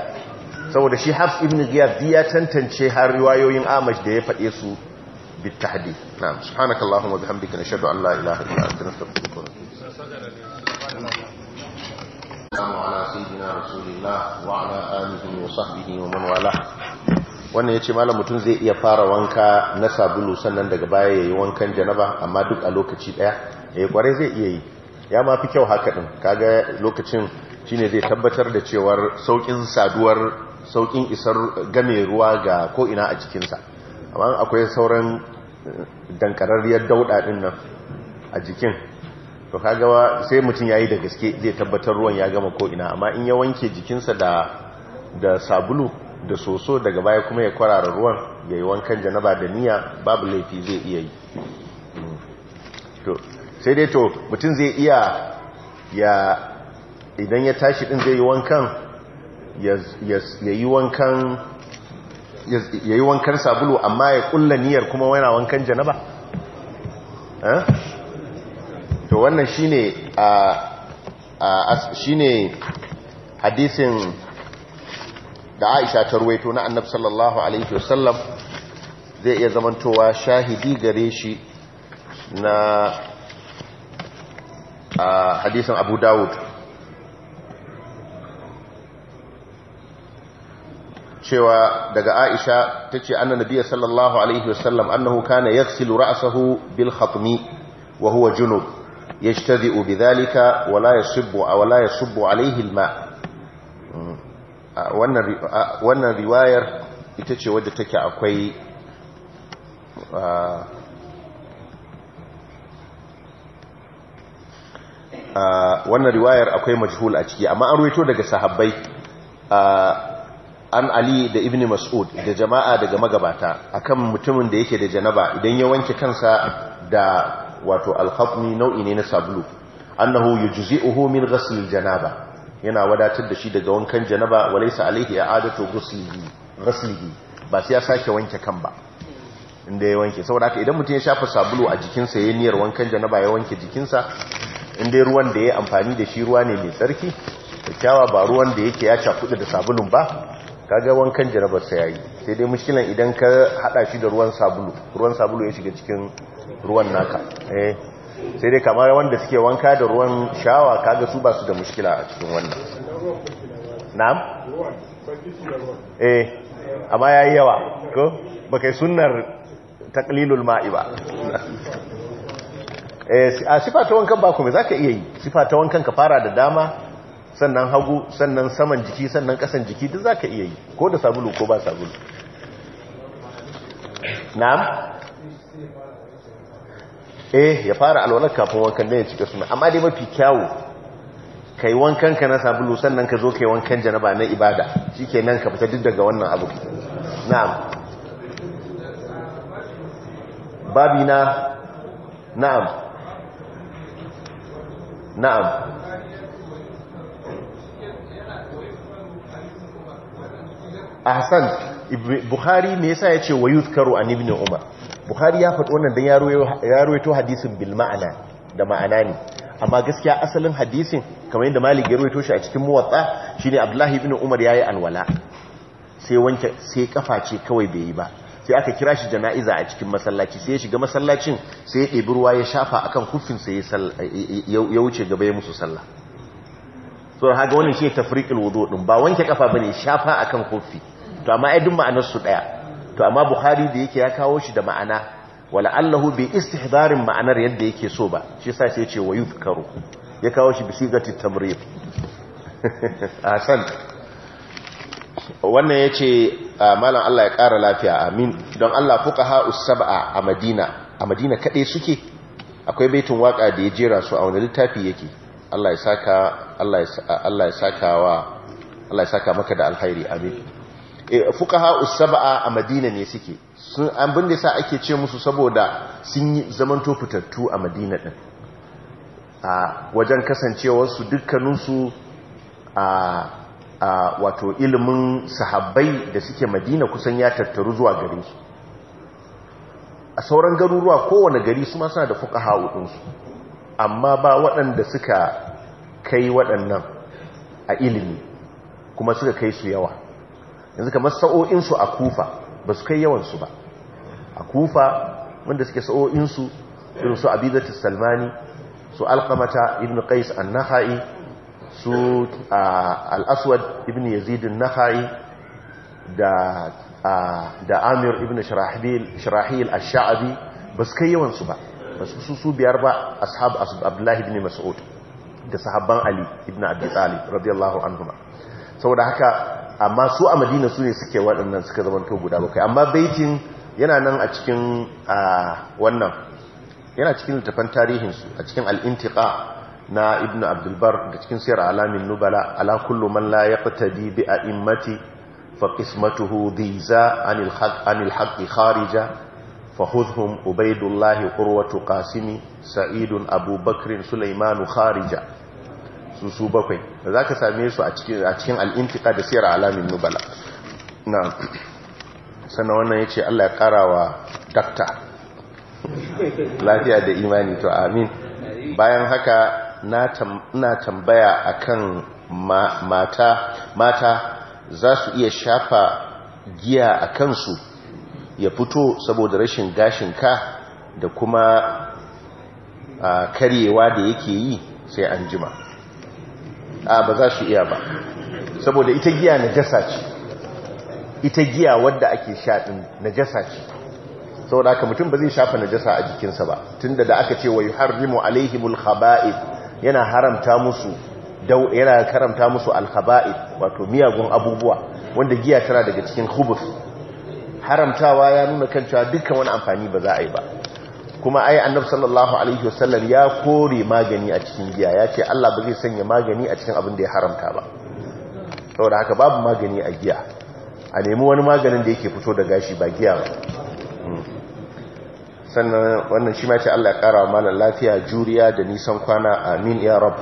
saboda shi Hafs ibn Ghiyab ya tantance har riwayoyin Amash da ya faɗe su bitahdid na'am subhanakallahumma bihamdika nashhadu an la ilaha illa anta nastaghfiruka wa natubu السلام على سيدنا wannan yace malam mutum zai iya fara wanka na sabulu sannan daga baya yayi wankan janaba amma duk a lokaci daya eh kware zai iya yi ya ma fi kyau haka din kaga lokacin shine zai tabbatar da cewa saukin saduwar saukin isar game ruwa ga ko ina a jikinsa amma akwai sauran eh, dankararriyar dauda din nan a jikin to gawa sai mutum yayi da gaske zai tabbatar ruwan ya gama ko ina amma in ya wanke jikinsa da da sabulu da soso daga baya kuma ya kwarara ruwan yayi wankan janaba da niya babu laifi zai iya yi to sai dai to mutum zai iya ya idan ya tashi din zai yi wankan ya yi wankan sabulu amma ya kulla niyyar kuma yana wankan janaba eh? to wannan shine a shine hadisin da Aisha ta ruwaito na Annabi sallallahu alaihi wasallam zai iya zamantowa shahidi gare shi na hadisin Abu Dawud cewa daga Aisha tace annabi sallallahu alaihi wasallam annahu kana yaghsilu ra'sahu bil khatmi wa huwa junub yajtadi'u bidhalika wala yasubbu wala yasubbu alayhi alma wannan wannan riwayar ita ce wadda take akwai wannan riwayar akwai majhul a ciki amma an ruwaito daga sahabbai an ali da ibn mas'ud da jama'a daga magabata akan mutumin da yake da janaba idan ya wanke kansa da wato alhafni nau'i ne na sabulu annahu yujzi'uhu min ghasl aljanaba yana wadatar da shi daga wankan janaba walaysa alayhi i'adatu ghuslihi ghuslihi ba sai ya sake wanke kan ba inda ya wanke saboda haka idan mutum ya shafa sabulu a jikinsa ya niyyar wankan janaba ya wanke jikinsa inda ruwan da ya amfani da shi ruwa ne mai tsarki kyakkyawa ba ruwan da yake ya cakuɗa da sabulun ba kaga wankan jarabar sa yayi sai dai mushkilan idan ka hada shi da ruwan sabulu ruwan sabulu ya shiga cikin ruwan naka eh sai dai kamar wanda suke wanka da ruwan shawa kaga su ba su da mushkila a cikin wannan na'am eh amma yayi yawa ko baka sunnar taqlilul ma'i ba eh a sifa ta wankan ba mai zaka iya yi sifa ta wankan ka fara da dama sannan hagu sannan saman jiki sannan kasan jiki duk zaka iya yi ko da sabulu ko ba sabulu na'am eh ya fara alwalar kafin wankan da ya cika suna amma dai mafi kyawu yi wankan ka na sabulu sannan ka zo kai wankan janaba na ibada nan ka fita duk daga wannan abu na'am babi na na'am na'am ahsan Buhari me yasa ce wa yuzkaru an ibn umar bukhari ya faɗi wannan don ya ruwaito hadisin bil ma'ana da ma'ana ne amma gaskiya asalin hadisin kamar yadda malik ya ruwaito shi a cikin muwatsa shine abdullahi ibn umar yayi alwala sai wanke sai kafa ce kawai bai yi ba sai aka kira shi jana'iza a cikin masallaci sai ya shiga masallacin sai ya ɗebi ruwa ya shafa akan kufin sai ya wuce gaba ya musu sallah so haga wannan shi tafriqul wudu din ba wanke kafa bane shafa akan kufi to amma ai dun ma'anar su daya to amma Bukhari da yake ya kawo shi da ma'ana wala allahu bi istihdarin ma'anar yadda yake so ba shi yasa sai ya ce wa yuzkaru ya kawo shi bi sigati tamrid asan wannan yace ah, malam Allah ya kara lafiya amin don Allah fuqaha usaba a Madina a Madina kade suke akwai baitun waka da ya jera su a wani littafi yake Allah ya saka Allah ya saka wa Allah ya saka maka da alkhairi amin Eh, fukaha us a Madina ne suke sun abin da sa ake ce musu saboda sun yi zamanto fitattu a Madina din a wajen kasancewar su a wato ilimin sahabbai da suke Madina kusan ya tattaru zuwa gare su a sauran garuruwa kowane gari su ma suna da fukaha din su amma ba waɗanda suka kai waɗannan a ilimi kuma suka kai su yawa yanzu kamar sa'o'insu a kufa ba su kai yawansu ba a kufa wanda suke sa'o'insu irin su abidatu salmani su alkamata ibn qais an-naha'i su al-aswad ibn Yazidin nahai da amir ibn shirahil ash shaabi ba su kai yawansu ba ba su su biyar ba ashab abdullahi ibn mas'ud da sahabban ali ibn abi talib anhu anhuma saboda haka amma su a madina su ne suke waɗannan suka zama to guda bakwai amma baitin yana nan a cikin wannan yana cikin littafan tarihinsu a cikin al'intiƙa na ibn abdulbar da cikin siyar alamin nubala ala kullu man la ya bi a immati fa qismatuhu diza anil ilhaƙi kharija fa hudhum ubaidullahi ƙurwatu kasimi sa'idun abubakrin Suleimanu kharija su su bakwai da za ka same su a cikin al'intika da siyar alamin nubala na sannan wannan ya ce allah ya kara wa dakta lafiya da imani to amin bayan haka na tambaya akan mata mata za su iya shafa giya a kansu ya fito saboda rashin gashin ka da kuma karyewa da yake yi sai an jima a ba za su iya ba saboda ita giya na jasa ce ita giya wadda ake shaɗin na jasa ce saboda aka mutum ba zai shafa na jasa a jikinsa ba tunda da aka ce wa yuharrimu alaihimul khaba'ith yana haramta musu dau yana karamta musu al wato miyagun abubuwa wanda giya tana daga cikin hubus, haramtawa ya nuna kan cewa dukkan wani amfani ba za a yi ba kuma ai annabi sallallahu alaihi wasallam ya kore magani a cikin giya ya ce Allah ba zai sanya magani a cikin abin da ya haramta ba saboda haka babu magani a giya a nemi wani maganin da yake fito da gashi ba giya ba hmm. sannan wannan shi ma ce Allah ya kara wa malam lafiya juriya da nisan kwana amin ya rab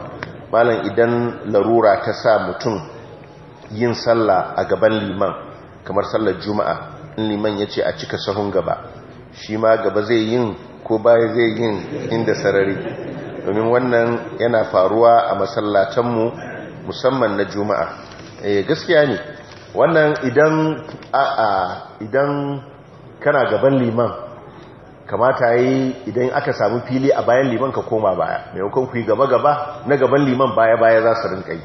malam idan larura ta sa mutum yin sallah a gaban liman kamar sallar juma'a in liman ya ce a cika sahun gaba shi ma gaba zai yin ko baya zai yin inda sarari domin wannan yana faruwa a masallatanmu musamman na juma'a eh gaskiya ne wannan idan a a idan kana gaban liman kamata yi idan aka samu fili a bayan liman ka koma baya Mai ku kuyi gaba gaba na gaban liman baya baya za su rinka yi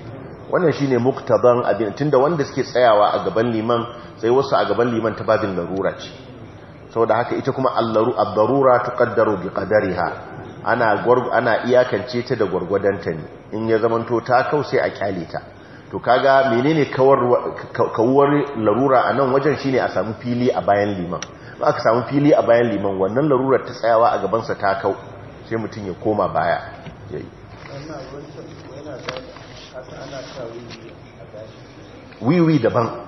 wannan shine muktaban abin tunda wanda suke tsayawa a gaban liman sai wasu a gaban liman ta babin larura ce saboda haka ita kuma allaru abdarura darura bi ana ana iyakance ta da gwargwadanta ne in ya zamanto ta sai a kyale ta to kaga menene kawar kawar larura a nan wajen shine a samu fili a bayan liman ba aka samu fili a bayan liman wannan larurar ta tsayawa a gaban sa ta kau sai mutun ya koma baya yayi wiwi daban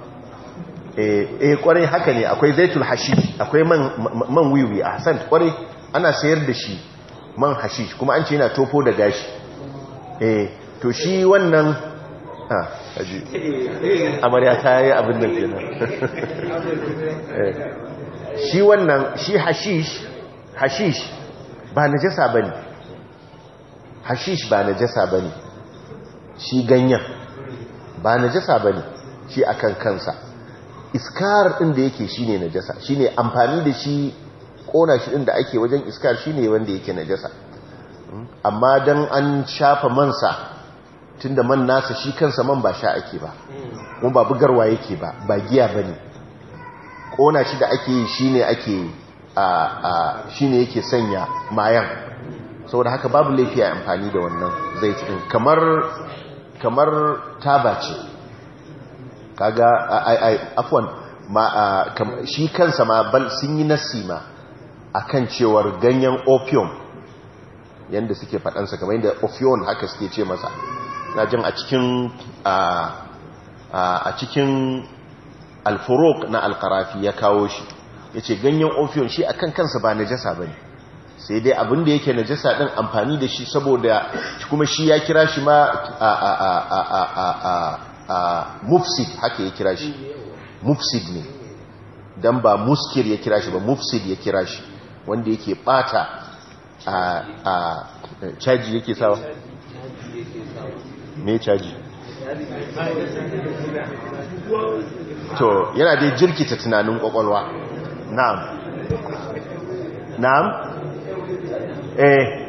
Eh, eh kwarai haka ne akwai zaitul hashish akwai man wiwi a hasan kwarai ana sayar da shi man hashish kuma an ce yana tofo da gashi eh to shi wannan ha aji amarya ta yi abin da kenan eh, shi wannan shi hashish hashish ba najasa bane hashish ba najasa bane shi ganyen ba najasa bane shi akan kansa iskar din da yake shine najasa shine amfani da shi kona shi din da ake wajen iskar shine wanda yake najasa amma dan an shafa mansa tunda man nasa shi kansa man ba sha ake ba kuma ba bugarwa yake ba ba giya bane kona shi da ake yi shine ake a a shine yake sanya mayan saboda haka babu laifi a amfani da wannan zaitun kamar kamar taba ce kaga ai ai afwan ma shi kansa ma bal sun yi nassi ma akan cewar ganyen opium yanda suke faɗansa, kamar yanda opium haka suke ce masa na jin a cikin a cikin alfuruk na alkarafi ya kawo shi ya ce ganyen opium shi akan kansa ba najasa ba ne sai dai abin da yake najasa din amfani da shi saboda kuma shi ya kira shi ma a a a a a mufsid haka ya kira shi mufsid ne don ba muskir ya kira shi ba mufsid ya kira shi wanda yake bata a caji yake sawa me caji to yana dai jirkita tunanin kwakwalwa na'am na'am eh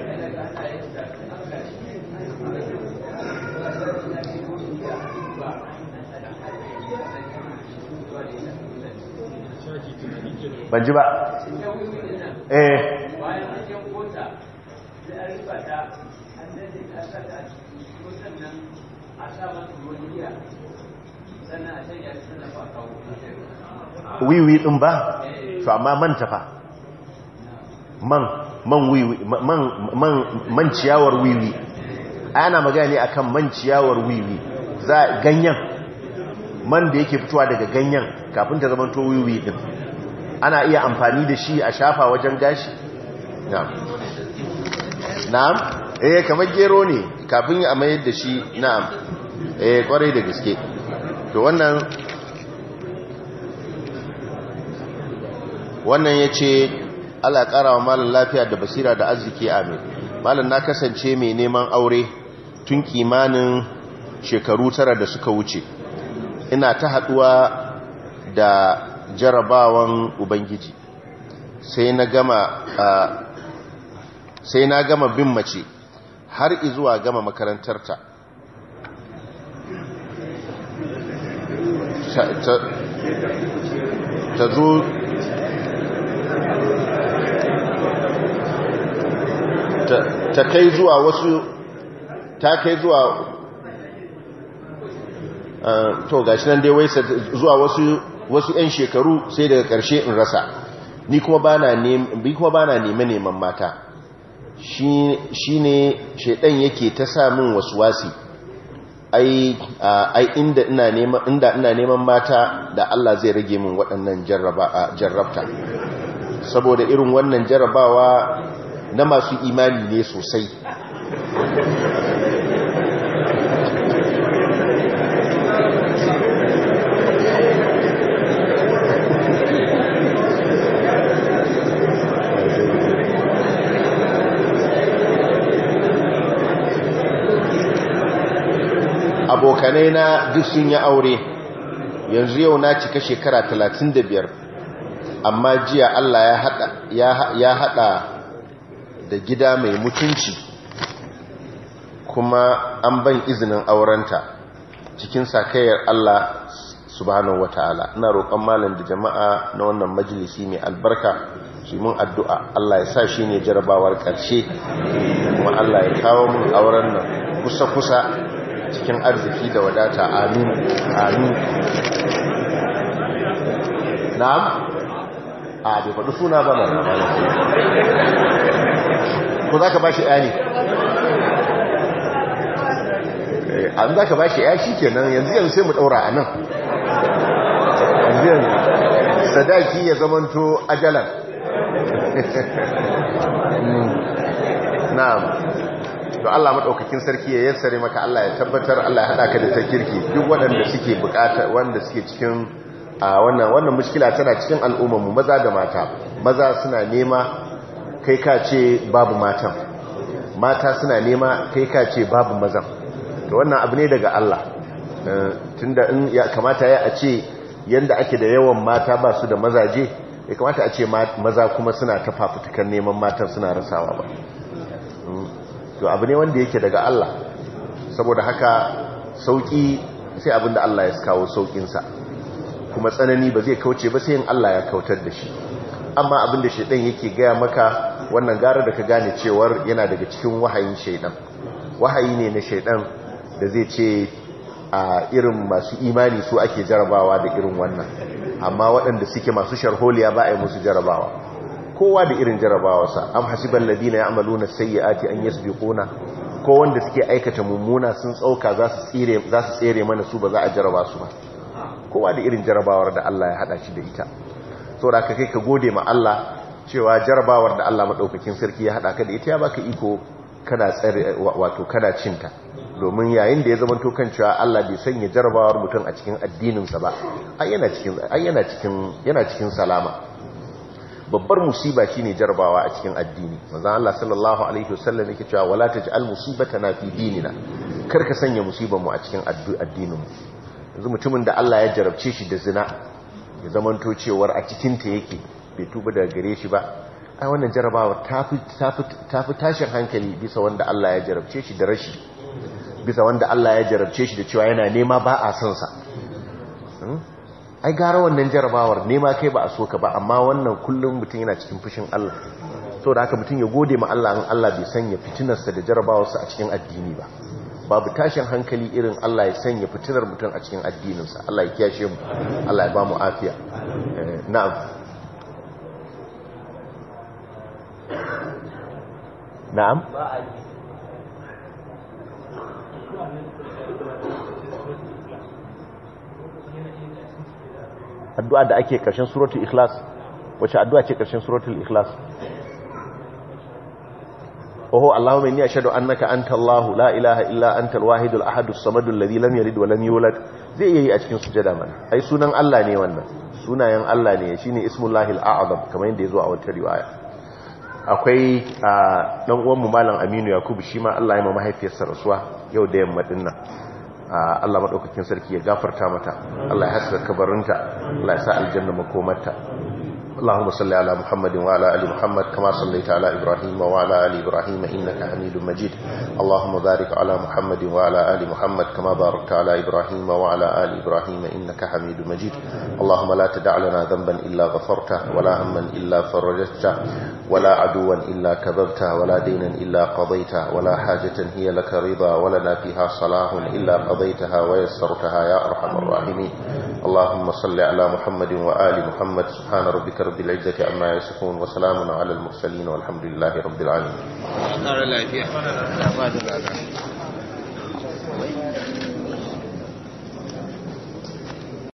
ban ji ba eh wiwi din ba to amma man tafa man man wiwi man man man ciyawar wiwi ana magana akan man ciyawar wiwi za ganyen man da yake fitowa daga ganyen kafin ta zama to wiwi din ana iya amfani da shi a shafa wajen gashi na'am na'am eh kamar gero ne kafin a mayar da shi na'am eh kwarai da gaske to wannan wannan yace Allah kara wa malam lafiya da basira da arziki amin malam na kasance mai neman aure tun kimanin shekaru tara da suka wuce ina ta haduwa da jarabawan ubangiji sai na gama sai na gama bin mace har izuwa gama makarantarta ta zo ta kai zuwa wasu ta kai zuwa to gashi nan dai wai zuwa wasu wasu 'yan shekaru sai daga ƙarshe in rasa ni kuma ba na neman mata shi ne shaidan yake ta samun wasi, ai inda ina neman mata da Allah zai rage min waɗannan jarrabta saboda irin wannan jarrabawa na masu imani ne sosai abokanai na duk sun yi aure yanzu yau na cika shekara talatin da biyar, amma jiya Allah ya haɗa da gida mai mutunci kuma an ban izinin aurenta cikin sakayar Allah subhanahu wataala ina roƙon malam da jama'a na wannan majalisi mai albarka shi mun addu'a Allah ya sa shi ne jarabawar ƙarshe kuma Allah ya kawo mun auren nan kusa-kusa cikin arziki da wadata amin amin na'am a bai faɗi suna ba nan ko za ka ba shi ɗani eh, an za ka ba shi ya shi kenan yanzu yanzu sai mu ɗaura a nan yanzu yanzu sadaki ya zamanto ajalan hmm. na'am to Allah madaukakin sarki ya yassare maka Allah ya tabbatar Allah ya hada ka da takirki duk waɗanda suke bukata wanda suke cikin wannan wannan mushkila tana cikin al'umma mu maza da mata maza suna nema kai ka ce babu matan mata suna nema kai ka ce babu mazan to wannan abu ne daga Allah eh, tunda in ya kamata ya a ce yanda ake da yawan mata ba su da mazaje ya kamata a ce maza kuma suna ta neman matan suna rasawa ba hmm. to abu ne wanda yake daga Allah saboda haka sauki sai abin da Allah ya kawo sa kuma tsanani ba zai kauce ba sai in Allah ya kautar da shi amma abin da shaiɗan yake gaya maka wannan gara da ka gane cewar yana daga cikin wahayin shedan wahayi ne na shedan da zai ce a irin masu imani su ake jarabawa da irin wannan amma waɗanda suke masu sharholiya ba a yi musu jarabawa kowa da irin jarabawarsa am hasiban ladina ya'maluna sayyi'ati an yasbiquna ko wanda suke aikata mummuna sun tsauka za su tsire za su tsere mana su ba za a jaraba su ba kowa da irin jarabawar da Allah ya hada shi da ita saboda ka kai ka gode ma Allah cewa jarabawar da Allah madaukakin sarki ya hada ka da ita ya baka iko kana tsare wato kana cinta domin yayin da ya zama to kan cewa Allah bai sanya jarabawar mutum a cikin sa ba ai yana cikin ai yana cikin yana cikin salama babbar musiba shine jarbawa a cikin addini manzon Allah sallallahu alaihi wasallam yake cewa wala taj'al tana fi dinina ka sanya musibar mu a cikin addinin mu yanzu mutumin da Allah ya jarabce shi da zina ya zamanto cewar a cikin ta yake bai tuba daga gare shi ba ai wannan jarabawa ta fi tashin hankali bisa wanda Allah ya jarabce shi da rashi bisa wanda Allah ya jarabce shi da cewa yana nema ba a son sa ai gara wannan jarabawar nema kai ba a so ka ba amma wannan kullum mutum yana cikin fushin Allah to da haka mutum ya gode ma Allah in Allah bai sanya fitinarsa da jarabawarsa a cikin addini ba babu tashin hankali irin Allah ya sanya fitinar mutum a cikin addininsa Allah ya kiyashe mu Allah ya ba mu afiya eh, na'am na'am addu'a da ake ƙarshen suratul ikhlas wacce addu'a ce karshen suratul ikhlas oho allahumma inni ashhadu annaka anta allah la ilaha illa anta al ahadus al-ahad lam yalid wa yi a cikin sujada mana ai sunan allah ne wannan sunayen allah ne shine ismullahi al kamar yadda zo a wata riwaya akwai ah, dan uwan mu malam aminu yakubu shi ma allah ya ma mahaifiyarsa rasuwa yau da yamma nan. Allah maɗaukakin sarki ya gafarta mata Allah ya haska kabarinta Allah ya sa aljanna makomarta اللهم صل على محمد وعلى آل محمد كما صليت على إبراهيم وعلى آل إبراهيم إنك حميد مجيد اللهم بارك على محمد وعلى آل محمد كما باركت على إبراهيم وعلى آل إبراهيم إنك حميد مجيد اللهم لا تدع لنا ذنبا إلا غفرته ولا هما إلا فرجته ولا عدوا إلا كببته ولا دينا إلا قضيته ولا حاجة هي لك رضا ولنا فيها صلاح إلا قضيتها ويسرتها يا أرحم الراحمين اللهم صل على محمد وآل محمد سبحان ربك رب العزة عما يصفون وسلام على المرسلين والحمد لله رب العالمين